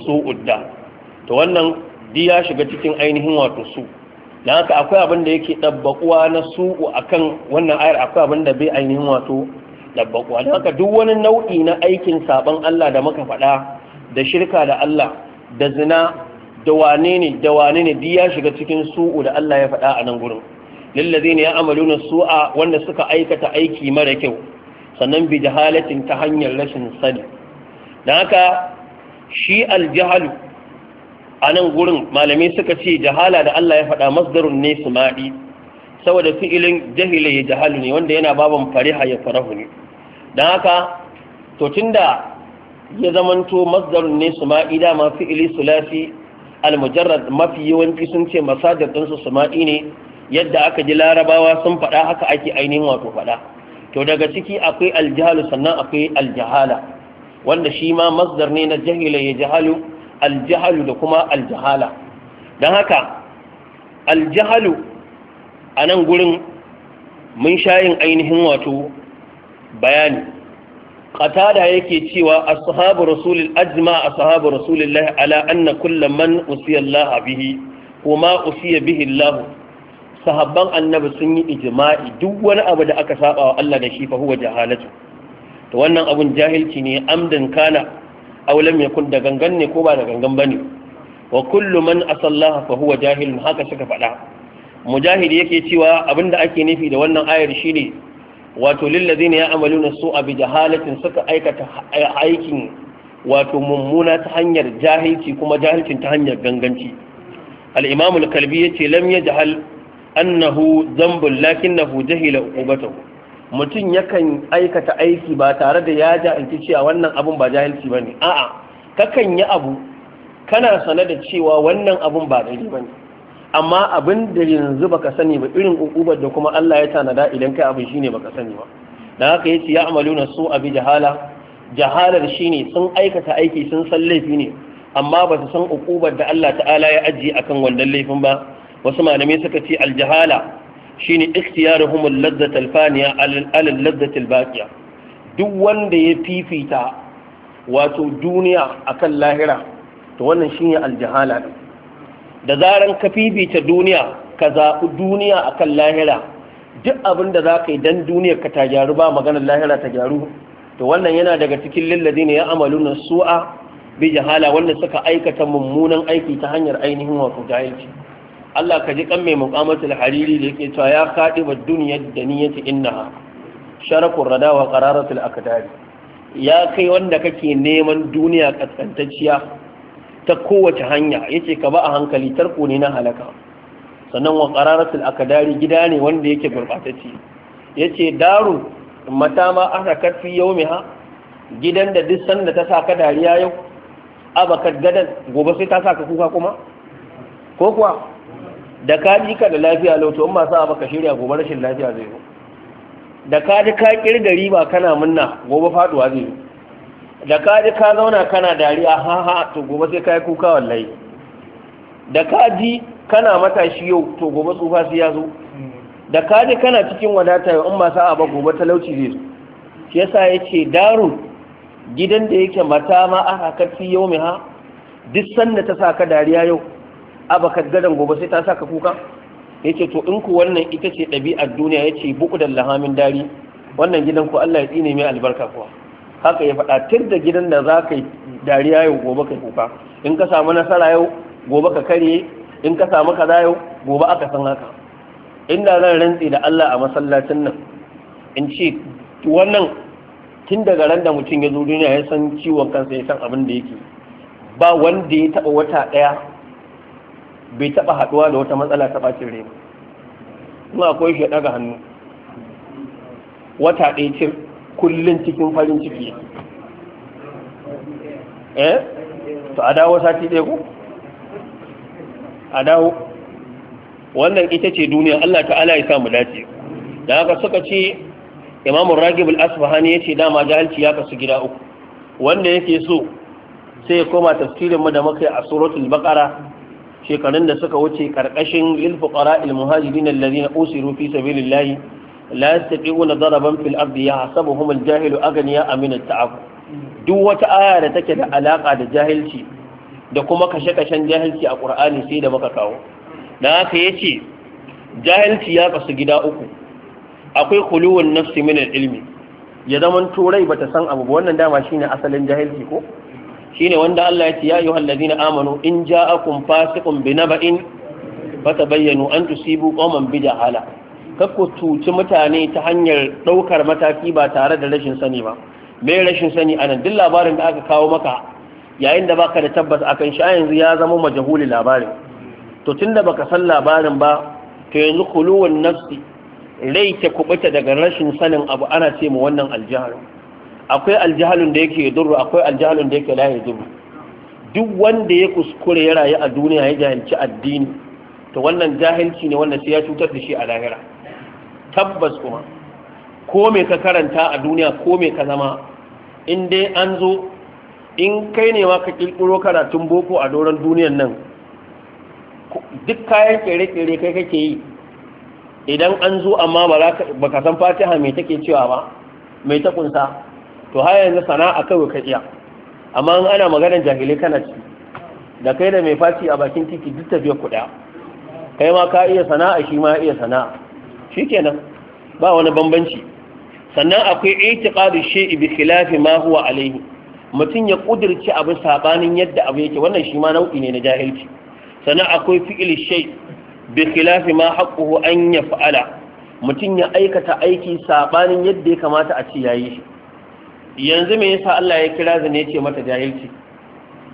Speaker 1: su'ud da to wannan di ya shiga cikin ainihin wato su dan haka akwai abin da yake dabbakuwa na su'u akan wannan ayar akwai abin da bai ainihin wato dabbakuwa dan haka duk wani nau'i na aikin saban Allah da muka faɗa da shirka da Allah da zina da wane ne da wane ne di ya shiga cikin su'u da Allah ya faɗa a nan gurin lillazina ya'maluna su'a wanda suka aikata aiki mara kyau sannan bi jahalatin ta hanyar rashin sani don haka shi aljihalu a nan gurin malamai suka ce jahala da Allah ya faɗa masdarun ne su maɗi saboda fi'ilin jahila ya jahalu ne wanda yana baban fariha ya farahu ne don haka to tunda ya zamanto masdarun ne su maɗi dama fi'ili sulasi almujarrad mafi yawanci sun ce masadar ɗinsu su maɗi ne yadda aka ji larabawa sun faɗa haka ake ainihin wato faɗa to daga ciki akwai aljahalu sannan akwai aljahala wanda shi ma masdar ne na jahila ya jahalu aljahalu da kuma aljahala don haka aljahalu a nan gurin mun shayin ainihin wato bayani qatada yake cewa ashabu rasulil ajma ashabu rasulillahi ala anna kullu man usiya Allah bihi kuma usiya bihi Allah sahabban annabi sun yi ijma'i duk wani abu da aka saba wa Allah da shi fa huwa jahalatu to wannan abun jahilci ne amdan kana aw lam yakun da gangan ne ko ba da gangan bane wa kullu man asallaha fa huwa haka suka faɗa mujahidi yake cewa abinda ake nufi da wannan ayar shine wato lillazina ya'maluna su'a bi jahalatin suka aikata aikin wato mummuna ta hanyar jahilci kuma jahilcin ta hanyar ganganci al-imamu al-kalbi yace lam yajhal annahu zambun lakinnahu jahila uqubatahu mutum yakan aikata aiki ba tare da ya ja'anci cewa wannan abun ba jahilci bane a'a kakan yi abu kana sane da cewa wannan abun ba daidai bane amma abin da yanzu baka sani ba irin uqubar da kuma Allah ya tanada idan kai abin shine baka sani ba dan haka yace ya amaluna su abi jahala jahalar shine sun aikata aiki sun san laifi ne amma ba su san uqubar da Allah ta'ala ya ajiye akan wannan laifin ba wasu malamai suka ce aljahala shine ikhtiyaruhum al-ladhat al-faniya al duk wanda ya fifita wato duniya akan lahira to wannan shine aljahala da zaran ka fifita duniya ka zaɓi duniya akan lahira duk abin da za ka yi dan duniyar ka ta gyaru ba maganar lahira ta gyaru to wannan yana daga cikin lillazi ne ya amalu na su'a bi jahala wanda suka aikata mummunan aiki ta hanyar ainihin wato jahilci Allah ka ji kan mai muƙamatul hariri da yake cewa ya kaɗi wa duniyar da niyyati innaha sharakun rada wa qararatul aqdari ya kai wanda kake neman duniya kaskantacciya ta kowace hanya yace ka ba a hankali tarko ne na halaka sannan wa qararatul aqdari gida ne wanda yake gurbatacce yace daru mata ma arakat fi yawmiha gidan da duk sanda ta saka dariya yau abakat gadan gobe sai ta saka kuka kuma ko kuwa da ka ji ka da lafiya lauto in masu ba ka shirya gobe rashin lafiya zai zo da ka ji ka kirga riba kana munna gobe faduwa zai zo da ka ji ka zauna kana dariya ah, ha ha to gobe sai ka kuka wallahi da ka ji kana matashi yau to gobe tsufa sai ya zo da ka ji kana cikin wadata yau in ba sa ba gobe talauci zai zo shi yasa ya ce gidan da yake mata ma aka kafi yau mai ha duk sanda ta sa ka dariya yau abakar gadan gobe sai ta saka kuka Ya ce to in ku wannan ita ce ɗabi'ar duniya yace buku da lahamin dari wannan gidan ku Allah ya tsine mai albarka kuwa haka ya faɗa tun da gidan da za ka yi dariya yau gobe kai kuka in ka samu nasara yau gobe ka karye in ka samu kaza yau gobe aka san haka inda zan rantse da Allah a masallacin nan in ce wannan tun daga ran da mutum ya zo duniya ya san ciwon kansa ya san abin da yake ba wanda ya taɓa wata ɗaya bai taɓa haɗuwa da wata matsala ta ɓacin rai ba akwai shi daga hannu wata ɗaya cin kullum cikin farin ciki
Speaker 2: eh to a dawo sati
Speaker 1: ɗaya ku a dawo wannan ita ce duniya Allah ta'ala ya samu dace da haka suka ce imamun ragib al asbahani ya ce dama jahilci ya kasu gida uku wanda yake so sai ya koma tafsirin mu da muka yi a suratul baqara shekarun da suka wuce karkashin lil fuqara al muhajirin alladhina usiru fi sabilillahi la yastati'una daraban fil ardi yahsabuhum al aghniya min at duk wata aya da take da alaka da jahilci da kuma kashe-kashen jahilci a qur'ani sai da muka kawo dan haka yace jahilci ya kasu gida uku akwai khuluwun nafsi min al ilmi ya zaman turai bata san abu ba wannan dama shine asalin jahilci ko Shi ne wanda Allah ya ce ya ayyuhal ladina amanu in ja a ba in binaba'in bayyano an tusibu bi jahala kakku tuci mutane ta hanyar ɗaukar mataki ba tare da rashin sani ba mai rashin sani a nan, duk labarin da aka kawo maka yayin da baka da tabbas akan shi yanzu ya zama majahuli labarin to tunda baka san labarin ba to yanzu kuluwan nafsi rai ta kubuta daga rashin sanin abu ana ce mu wannan aljiharin. akwai aljahalun da yake yadurru akwai aljahalun da yake la yadurru duk wanda ya kuskure ya rayu a duniya ya jahilci addini to wannan jahilci ne wanda sai ya cutar da shi a lahira tabbas kuma ko me ka karanta a duniya ko me ka zama in dai an zo in kai ne ma ka kirkiro karatun boko a doron duniyan nan duk kayan kere-kere kai kake yi idan an zo amma ba ka san fatiha mai take cewa ba mai ta kunsa to har yanzu sana'a kawai ka iya amma in ana maganar jahilai kana ci da kai da mai faci a bakin titi duk ta biya kuɗa kai ma ka iya sana'a shi ma iya sana'a kenan, ba wani bambanci sannan akwai itiqadu shay'i bi khilafi ma huwa alayhi mutum ya kudirci abin sabanin yadda abu yake wannan shi ma nau'i ne na jahilci sannan akwai fi'il shay bi khilafi ma haqquhu an yaf'ala mutum ya aikata aiki saɓanin yadda ya kamata a ci yayi shi yanzu me yasa Allah ya kira zane ce mata jahilci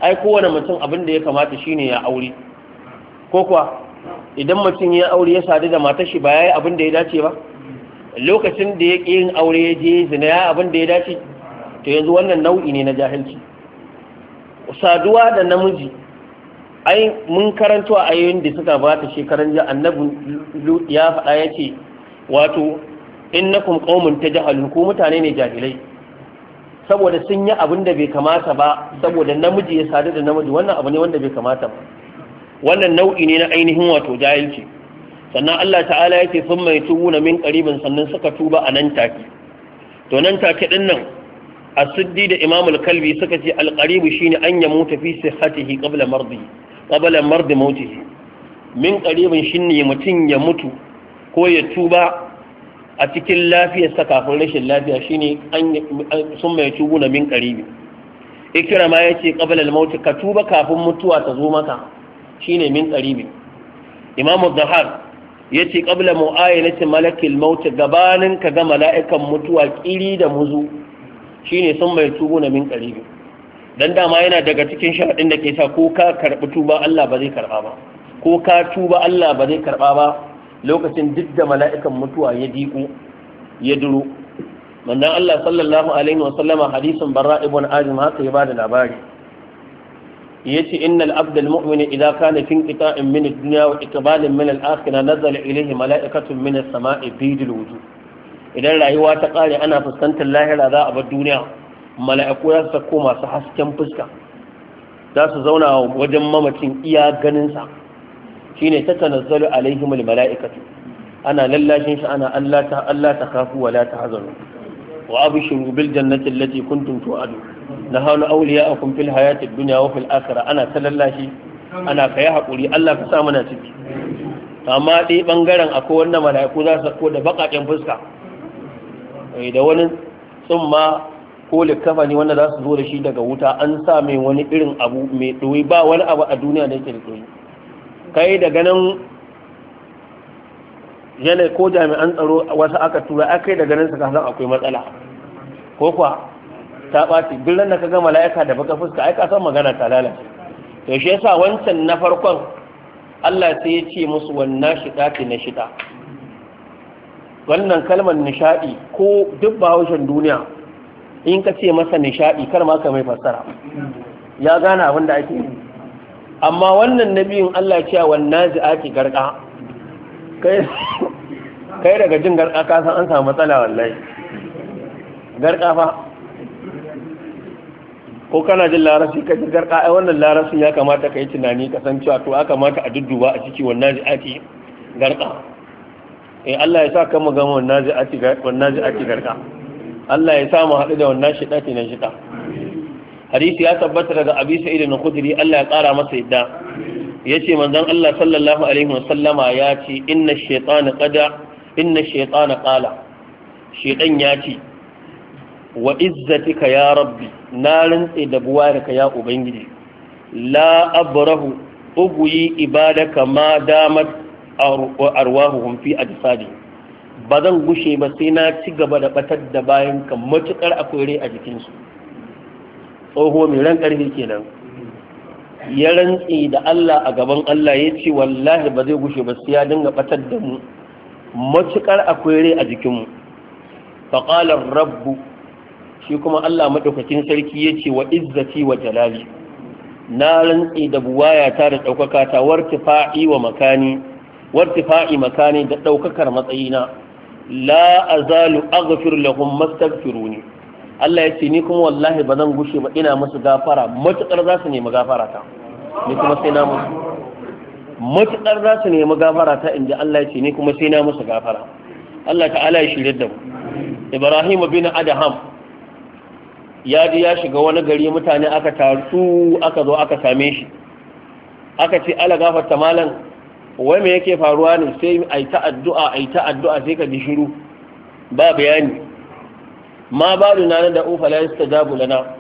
Speaker 1: ai kowane mutum abin da ya kamata shine ya aure ko kuwa idan mutum ya aure ya sadu da matar shi ba yayi abin da ya dace ba lokacin da ya yin aure ya je zina ya abin da ya dace to yanzu wannan nau'i ne na jahilci saduwa da namiji ai mun karanto a ayoyin da suka bata shekaran ji annabi ya faɗa ya ce wato innakum qaumun tajhalun ku mutane ne jahilai saboda sun yi abin da bai kamata ba saboda namiji ya sadu da namiji wannan abu ne wanda bai kamata ba wannan nau'i ne na ainihin wato jahilci sannan Allah ta'ala yake sun mai tubu na min karibin sannan suka tuba a nan take to nan take din nan as-siddi da Imam al-Kalbi suka ce al-qaribu shine an ya mutu fi sihhatihi qabla mardi qabla mardi mautihi min qaribin shine mutum ya mutu ko ya tuba a cikin lafiyar lafiyarsa kafin rashin lafiya shine sun mai tubu na min karibi ikira ma ya ce ƙabal almauti ka tuba kafin mutuwa ta zo maka shine min karibi imamu zahar ya ce ƙabla mu'ayyanatin malakil mauti gabanin ka ga mala'ikan mutuwa ƙiri da muzu shine sun mai tubu na min karibi dan dama yana daga cikin sharaɗin da ke sa ko ka karɓi tuba Allah ba zai karɓa ba ko ka tuba Allah ba zai karɓa ba lokacin duk da mala'ikan mutuwa ya diku ya duro manzon Allah sallallahu alaihi wa sallama hadisin barra ibn azim haka ya bada labari yace innal abdal mu'mini idza kana fi inqita'in min ad-dunya wa iqbalin min al-akhirah nazala ilayhi mala'ikatun min as-sama'i bidil wujuh idan rayuwa ta kare ana fuskantar lahira za a bar duniya mala'iku za su sako masu hasken fuska za su zauna wajen mamacin iya ganinsa shine ta tanazzalu alaihim almalaikatu ana lallashin shi ana Allah ta Allah ta kafu wa la tahzanu wa abshiru bil jannati allati kuntum tu'adu nahanu awliya'akum fil hayati dunya wa fil akhirah ana ta lallashi ana kai hakuri Allah ka sa mana ciki amma dai bangaren akwai wannan mala'iku za su sako da bakaken fuska eh, da wani tsumma ko likafa ne wanda za su zo da shi daga wuta an sa mai wani irin abu mai ɗoyi ba wani abu a duniya da yake da ɗoyi kai da ganin yana ko jami'an tsaro wasu aka tura kai da ganin suka san akwai matsala ko kuwa ta ɓaci duk da ka gama mala'ika da baka fuska ai ka san magana ta lalace to shi yasa wancan na farkon Allah sai ya ce musu wannan shida na shida wannan kalmar nishadi ko duk bahaushen duniya in ka ce masa nishadi kar ma ka mai fassara ya gane abin da ake yi amma wannan nabiyin Allah cewa wannan ake garka kai daga jin garka ka san an samu matsala wallahi garka fa ko kana jin larasi ka ji garka ai wannan larasin ya kamata ka yi tunani ka san cewa to aka kamata a dudduba a ciki wannan ake garka eh Allah ya sa kan mu gama wannan ake garka Allah ya sa mu haɗu da wannan shidati na shidati hadisi ya tabbata daga abi sa'id ibn khudri Allah ya kara masa yadda yace manzon Allah sallallahu alaihi sallama ya ce inna shaytana qada inna shaytana qala shaytan ya ce wa izzatika ya rabbi na rantse da buwarka ya ubangiji la abrahu ubuyi ibadaka ma damat arwahuhum fi ajsadi ba zan gushe ba sai na ci gaba da batar da bayan ka matukar akwai rai a jikinsu tsoho mai ran ƙarfi kenan ya rantsi da Allah a gaban Allah ya ce wallahi ba zai gushe ba sai ya dinga ɓatar da mu matuƙar akwai rai a jikinmu faƙalar rabbu shi kuma Allah maɗaukacin sarki ya ce wa izzati wa jalali na rantsi da buwayata da ɗaukaka ta wartifa'i wa makani wartifa'i makani da ɗaukakar matsayina la azalu aghfir lahum mastaghfiruni Allah ya ce ni kuma wallahi ba zan gushe ba ina musu gafara matuƙar za su nemi gafara ta ni kuma sai na musu matuƙar za su nemi gafara ta inda Allah ya ce ni kuma sai na musu gafara Allah ta'ala ya shirye da mu Ibrahim bin Adham ya ji ya shiga wani gari mutane aka taru aka zo aka same shi aka ce ala gafarta malam wai me yake faruwa ne sai ai ta addu'a ai ta addu'a sai ka ji shiru ba bayani ma baluna da ufa la yastajabu lana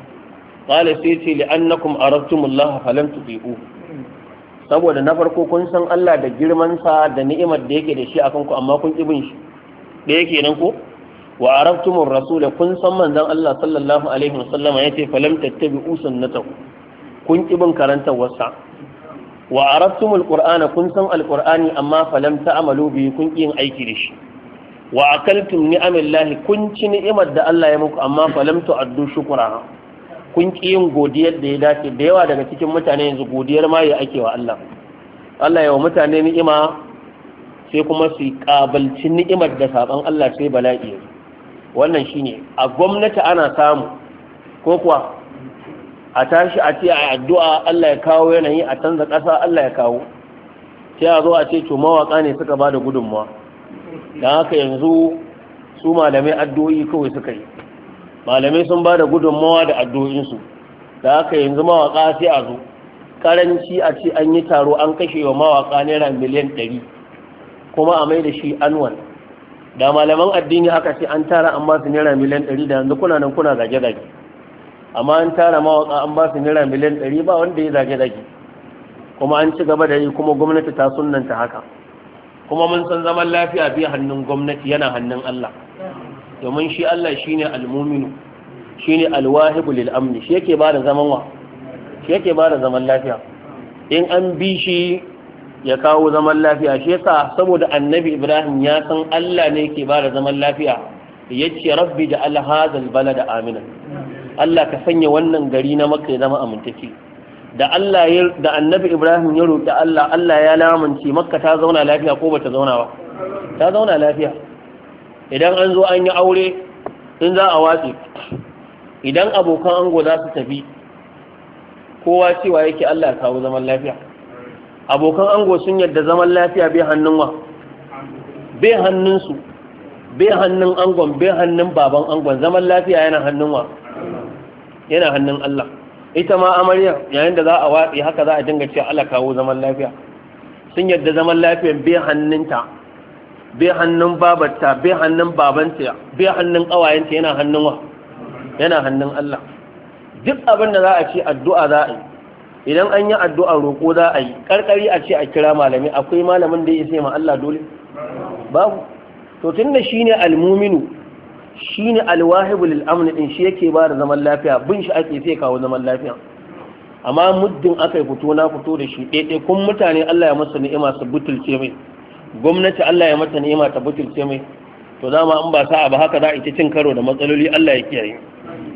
Speaker 1: qala sai ce li annakum arabtumullaha falam tuti'u saboda na farko kun san Allah da girman da ni'imar da yake da shi a kanku amma kun bin shi da yake nan ko wa arabtumur rasul kun san manzon Allah sallallahu alaihi wasallam yace falam tattabi'u sunnatahu kun bin karantar wasa wa arabtumul qur'ana kun san alqur'ani amma falam ta'malu bi kun yin aiki da shi wa akaltum ni'amillahi kun ci ni'imar da Allah ya muku amma lam tu'addu shukura kun ki yin godiyar da ya dace da yawa daga cikin mutane yanzu godiyar ma ya ake wa Allah Allah ya wa mutane ni'ima sai kuma su kabalci ni'imar da saban Allah sai bala'i wannan shine a gwamnati ana samu ko kuwa a tashi a ce a addu'a Allah ya kawo yanayi a canza ƙasa Allah ya kawo sai a zo a ce to mawaka ne suka ba da gudunmawa Da haka yanzu su malamai addu'o'i kawai suka yi malamai sun ba da gudunmawa da addu'o'insu da haka yanzu mawaƙa sai a zo karanci a ce an yi taro an kashe wa mawaƙa naira miliyan ɗari kuma a mai da shi anwan da malaman addini haka sai an tara an ba su naira miliyan ɗari da yanzu kuna nan kuna zage-zage amma an tara mawaƙa an ba su naira miliyan ɗari ba wanda ya zage-zage kuma an ci gaba da yi kuma gwamnati ta sunanta haka kuma mun san zaman lafiya bi hannun gwamnati yana hannun Allah domin shi Allah shi al-muminu shi al alwahibu lil amni shi yake ba da zaman wa shi yake ba da zaman lafiya in an bi shi ya kawo zaman lafiya shi yasa saboda annabi Ibrahim ya san Allah ne yake ba da zaman lafiya yace rabbi da Alhazal balada amina Allah ka sanya wannan gari na Makka ya zama amintaki da Allah ya da annabi Ibrahim ya roƙi Allah Allah ya lamunce makka ta zauna lafiya ko bata zauna ba ta zauna lafiya idan an zo an yi aure in za a watsi. idan abokan ango za su tafi kowa cewa yake Allah ya kawo zaman lafiya abokan ango sun yadda zaman lafiya bai hannun wa bai su bai hannun angon bai hannun baban angon zaman lafiya yana hannun wa yana hannun Allah ita ma amarya yayin da za a watsi haka za a dinga cewa Allah kawo zaman lafiya sun yadda zaman lafiyan bai hannunta bai hannun babarta bai hannun babanta bai hannun ƙawayenta yana hannun wa yana hannun Allah duk abin da za a ce addu'a za a yi idan an yi addu'a roƙo za a yi karkari a ce a kira malami akwai malamin da ya sai ma Allah dole babu to tunda shine almuminu shi ne alwahibu lil'amni din shi yake ba da zaman lafiya bin shi ake sai kawo zaman lafiya amma muddin aka yi fito na fito da shi ɗaiɗai kun mutane Allah ya masa ni'ima su butulce mai gwamnati Allah ya masa ni'ima ta butulce mai to zama an ba sa'a ba haka za a ita cin karo da matsaloli Allah ya kiyaye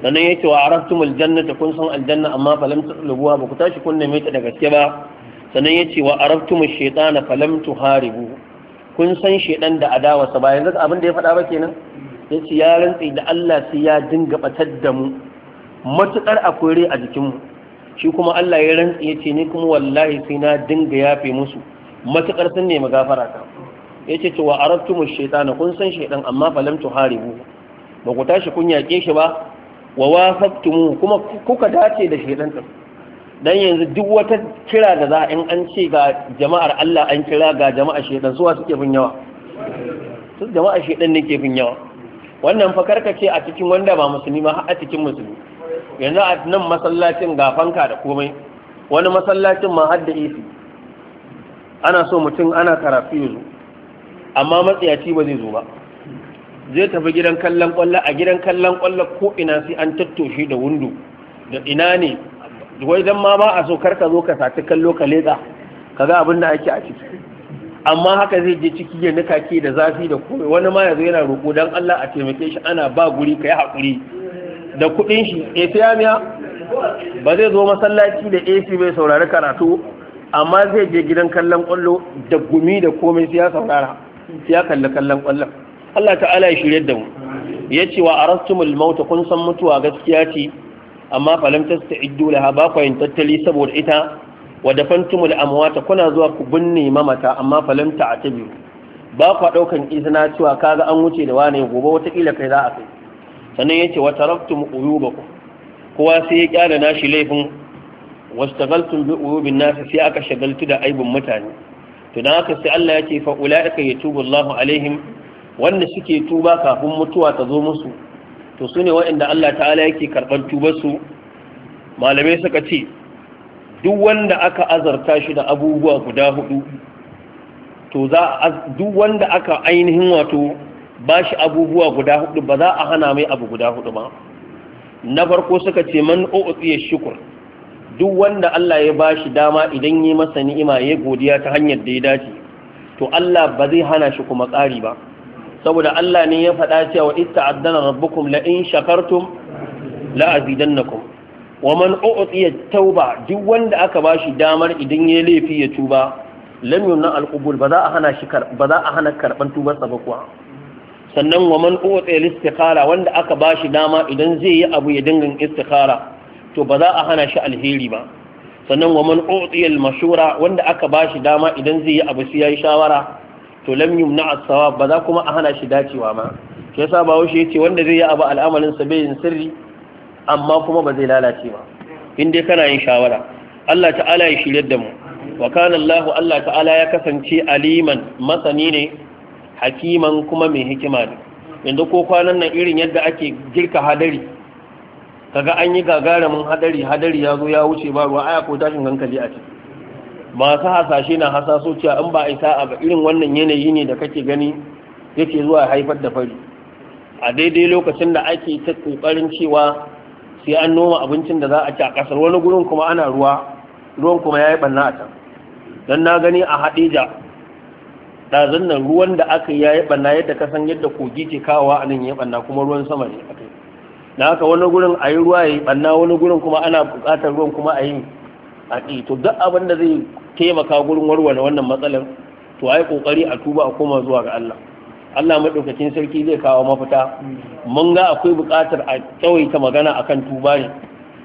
Speaker 1: sannan yake wa aljanna ta kun san aljanna amma falam tatlubuha ba ku tashi kun neme ta da gaske ba sannan yace wa araftumul shaytana falam tuharibu kun san shaydan da adawa sa ba yanzu abin da ya faɗa ba kenan ya su ya rantsi da Allah sai ya dinga batar da mu matuƙar akwai rai a jikinmu shi kuma Allah ya rantsi ya ce ni kuma wallahi sai na dinga yafe musu matuƙar sun nemi gafara ta ya ce wa mu shaytana kun san shaytan amma falam tuharibu ba ku tashi kun yaƙe shi ba wa mu kuma kuka dace da shaytan dan yanzu duk wata kira da za in an ce ga jama'ar Allah an kira ga jama'ar shaytan suwa suke bin yawa su jama'a shaidan ne ke bin yawa wannan fa ce a cikin wanda ba musulmi ba a cikin musulmi yanzu a nan masallacin gafanka da komai wani masallacin ma hadda isi ana so mutum ana karafi yanzu amma matsayaci ba zai zo ba zai tafi gidan kallon kwallo a gidan kallon kwallo ko ina sai an tattoshe da wundu da ina ne wai dan ma ba a so ka zo ka saci kallo ka leda kaga abin da ake a ciki amma haka zai je ciki ya nika ke da zafi da komai wani ma yanzu yana roƙo dan Allah a taimake shi ana ba guri kai hakuri da kuɗin shi efiyamiya
Speaker 2: eh,
Speaker 1: ba zai zo masallaci da AC bai saurari karatu amma zai je gidan kallon kwallo da gumi da komai sai ya saurara sai ya kalli kallon kwallon Allah ta'ala ya shirye da mu yace wa arastumul maut kun san mutuwa gaskiya ce amma falam tasta'iddu laha ba ku yin tattali saboda ita wa dafantumul amwata kuna zuwa ku binne mamata amma falam ta'tabi ba ku daukan izina cewa kaga an wuce da wane gobe wata kila kai za a kai sannan yace wa taraktum uyubakum kowa sai ya kyara nashi laifin wastagaltum bi uyubin nas sai aka shagaltu da aibun mutane to dan haka sai Allah yace fa ulaika yatubu Allahu alaihim wanda suke tuba kafin mutuwa ta zo musu to sune waɗanda Allah ta'ala yake karban tubar su malamai suka ce duk wanda aka azarta shi da abubuwa guda hudu to za duk wanda aka ainihin wato ba shi abubuwa guda hudu ba za a hana mai abu guda hudu ba na farko suka ce man ya shukur duk wanda Allah ya ba shi dama idan yi masa ni'ima ya godiya ta hanyar da ya dace to Allah ba zai hana shi kuma tsari ba saboda Allah ne ya faɗa cewa itta addana rabbukum la in shakartum la azidannakum wa man u'tiya tauba duk wanda aka bashi damar idan ya laifi ya tuba lam yunna al-qubul ba za a hana shi ba za a hana karban tubar sa ba kuwa sannan wa man u'tiya istikhara wanda aka bashi dama idan zai yi abu ya dinga istikhara to ba za a hana shi alheri ba sannan wa man u'tiya al-mashura wanda aka bashi dama idan zai yi abu sai yayi shawara to lam yumna as-sawab ba za kuma a hana shi dacewa ma shi yasa bawo shi yace wanda zai yi abu al'amarin sa bai sirri amma kuma ba zai lalace ba in dai kana yin shawara Allah ta'ala ya shiryar da mu wa kana Allah Allah ta'ala ya kasance aliman masani ne hakiman kuma mai hikima ne yanzu ko kwanan nan irin yadda ake girka hadari kaga an yi gagarumin hadari hadari ya zo ya wuce ba ruwa aya ko tashin hankali a ciki masu hasashe na hasaso cewa in ba a sa'a ba irin wannan yanayi ne da kake gani yake zuwa haifar da fari a daidai lokacin da ake ta kokarin cewa sai an noma abincin da za a ci a ƙasar wani gurin kuma ana ruwa ruwan kuma ya yi ɓanna a can don na gani a haɗeja ɗazin nan ruwan da aka yi ya yi ɓanna yadda ka san yadda kogi ke kawawa a nan ya yi ɓanna kuma ruwan sama ne akai na haka wani gurin a yi ruwa ya yi ɓanna wani gurin kuma ana buƙatar ruwan kuma a yi a ƙi to duk abin da zai taimaka gurin warware wannan matsalar to a yi ƙoƙari a tuba a koma zuwa ga Allah Allah maɗaukakin sarki zai kawo mafita mun ga akwai buƙatar a tsawaita magana akan tuba ne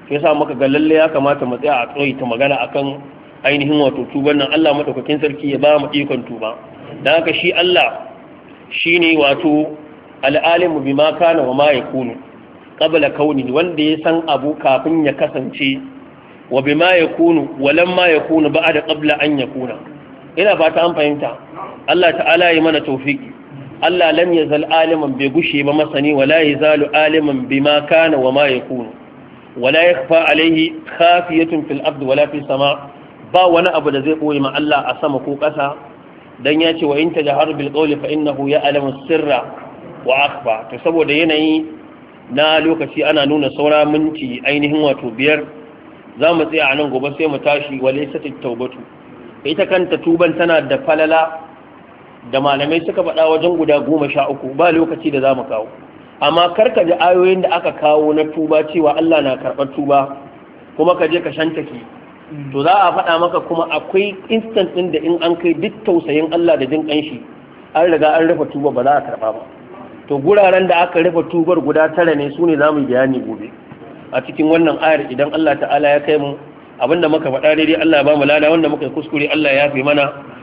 Speaker 1: sai sa muka ga lalle ya kamata mu tsaya a tsawaita magana akan ainihin wato tuban nan Allah maɗaukakin sarki ya ba mu ikon tuba dan haka shi Allah shine wato al'alimu bima kana wa ma yakunu qabla kauni wanda ya san abu kafin ya kasance wa bi bima yakunu walamma yakunu da qabla an yakuna ina fata an fahimta Allah ta'ala ya mana tawfiki Allah lam yazal aliman bai gushe ba masani wala yazalu aliman bima kana wa ma yakunu wala yakhfa alaihi khafiyatun fil ardi wala fi sama ba wani abu da zai boye ma Allah a sama ko ƙasa dan ya ce wa in da bil qawli fa innahu ya'lamu sirra wa akhfa to saboda yanayi na lokaci ana nuna saura minti ainihin wato biyar za mu tsaya a nan gobe sai mu tashi wa laysatit tawbatu ita kanta tuban tana da falala da malamai suka faɗa wajen guda goma sha uku ba lokaci da za mu kawo amma karka ji ayoyin da aka kawo na tuba cewa Allah na karɓar tuba kuma ka je ka shantake to za a faɗa maka kuma akwai instant ɗin da in an kai duk tausayin Allah da jin ƙanshi an riga an rufe tuba ba za a karɓa ba to guraren da aka rufe tubar guda tara ne su ne za mu bayani gobe a cikin wannan ayar idan Allah ta'ala ya kai mu abinda muka faɗa daidai Allah ya ba mu lada wanda muka yi kuskure
Speaker 2: Allah ya fi mana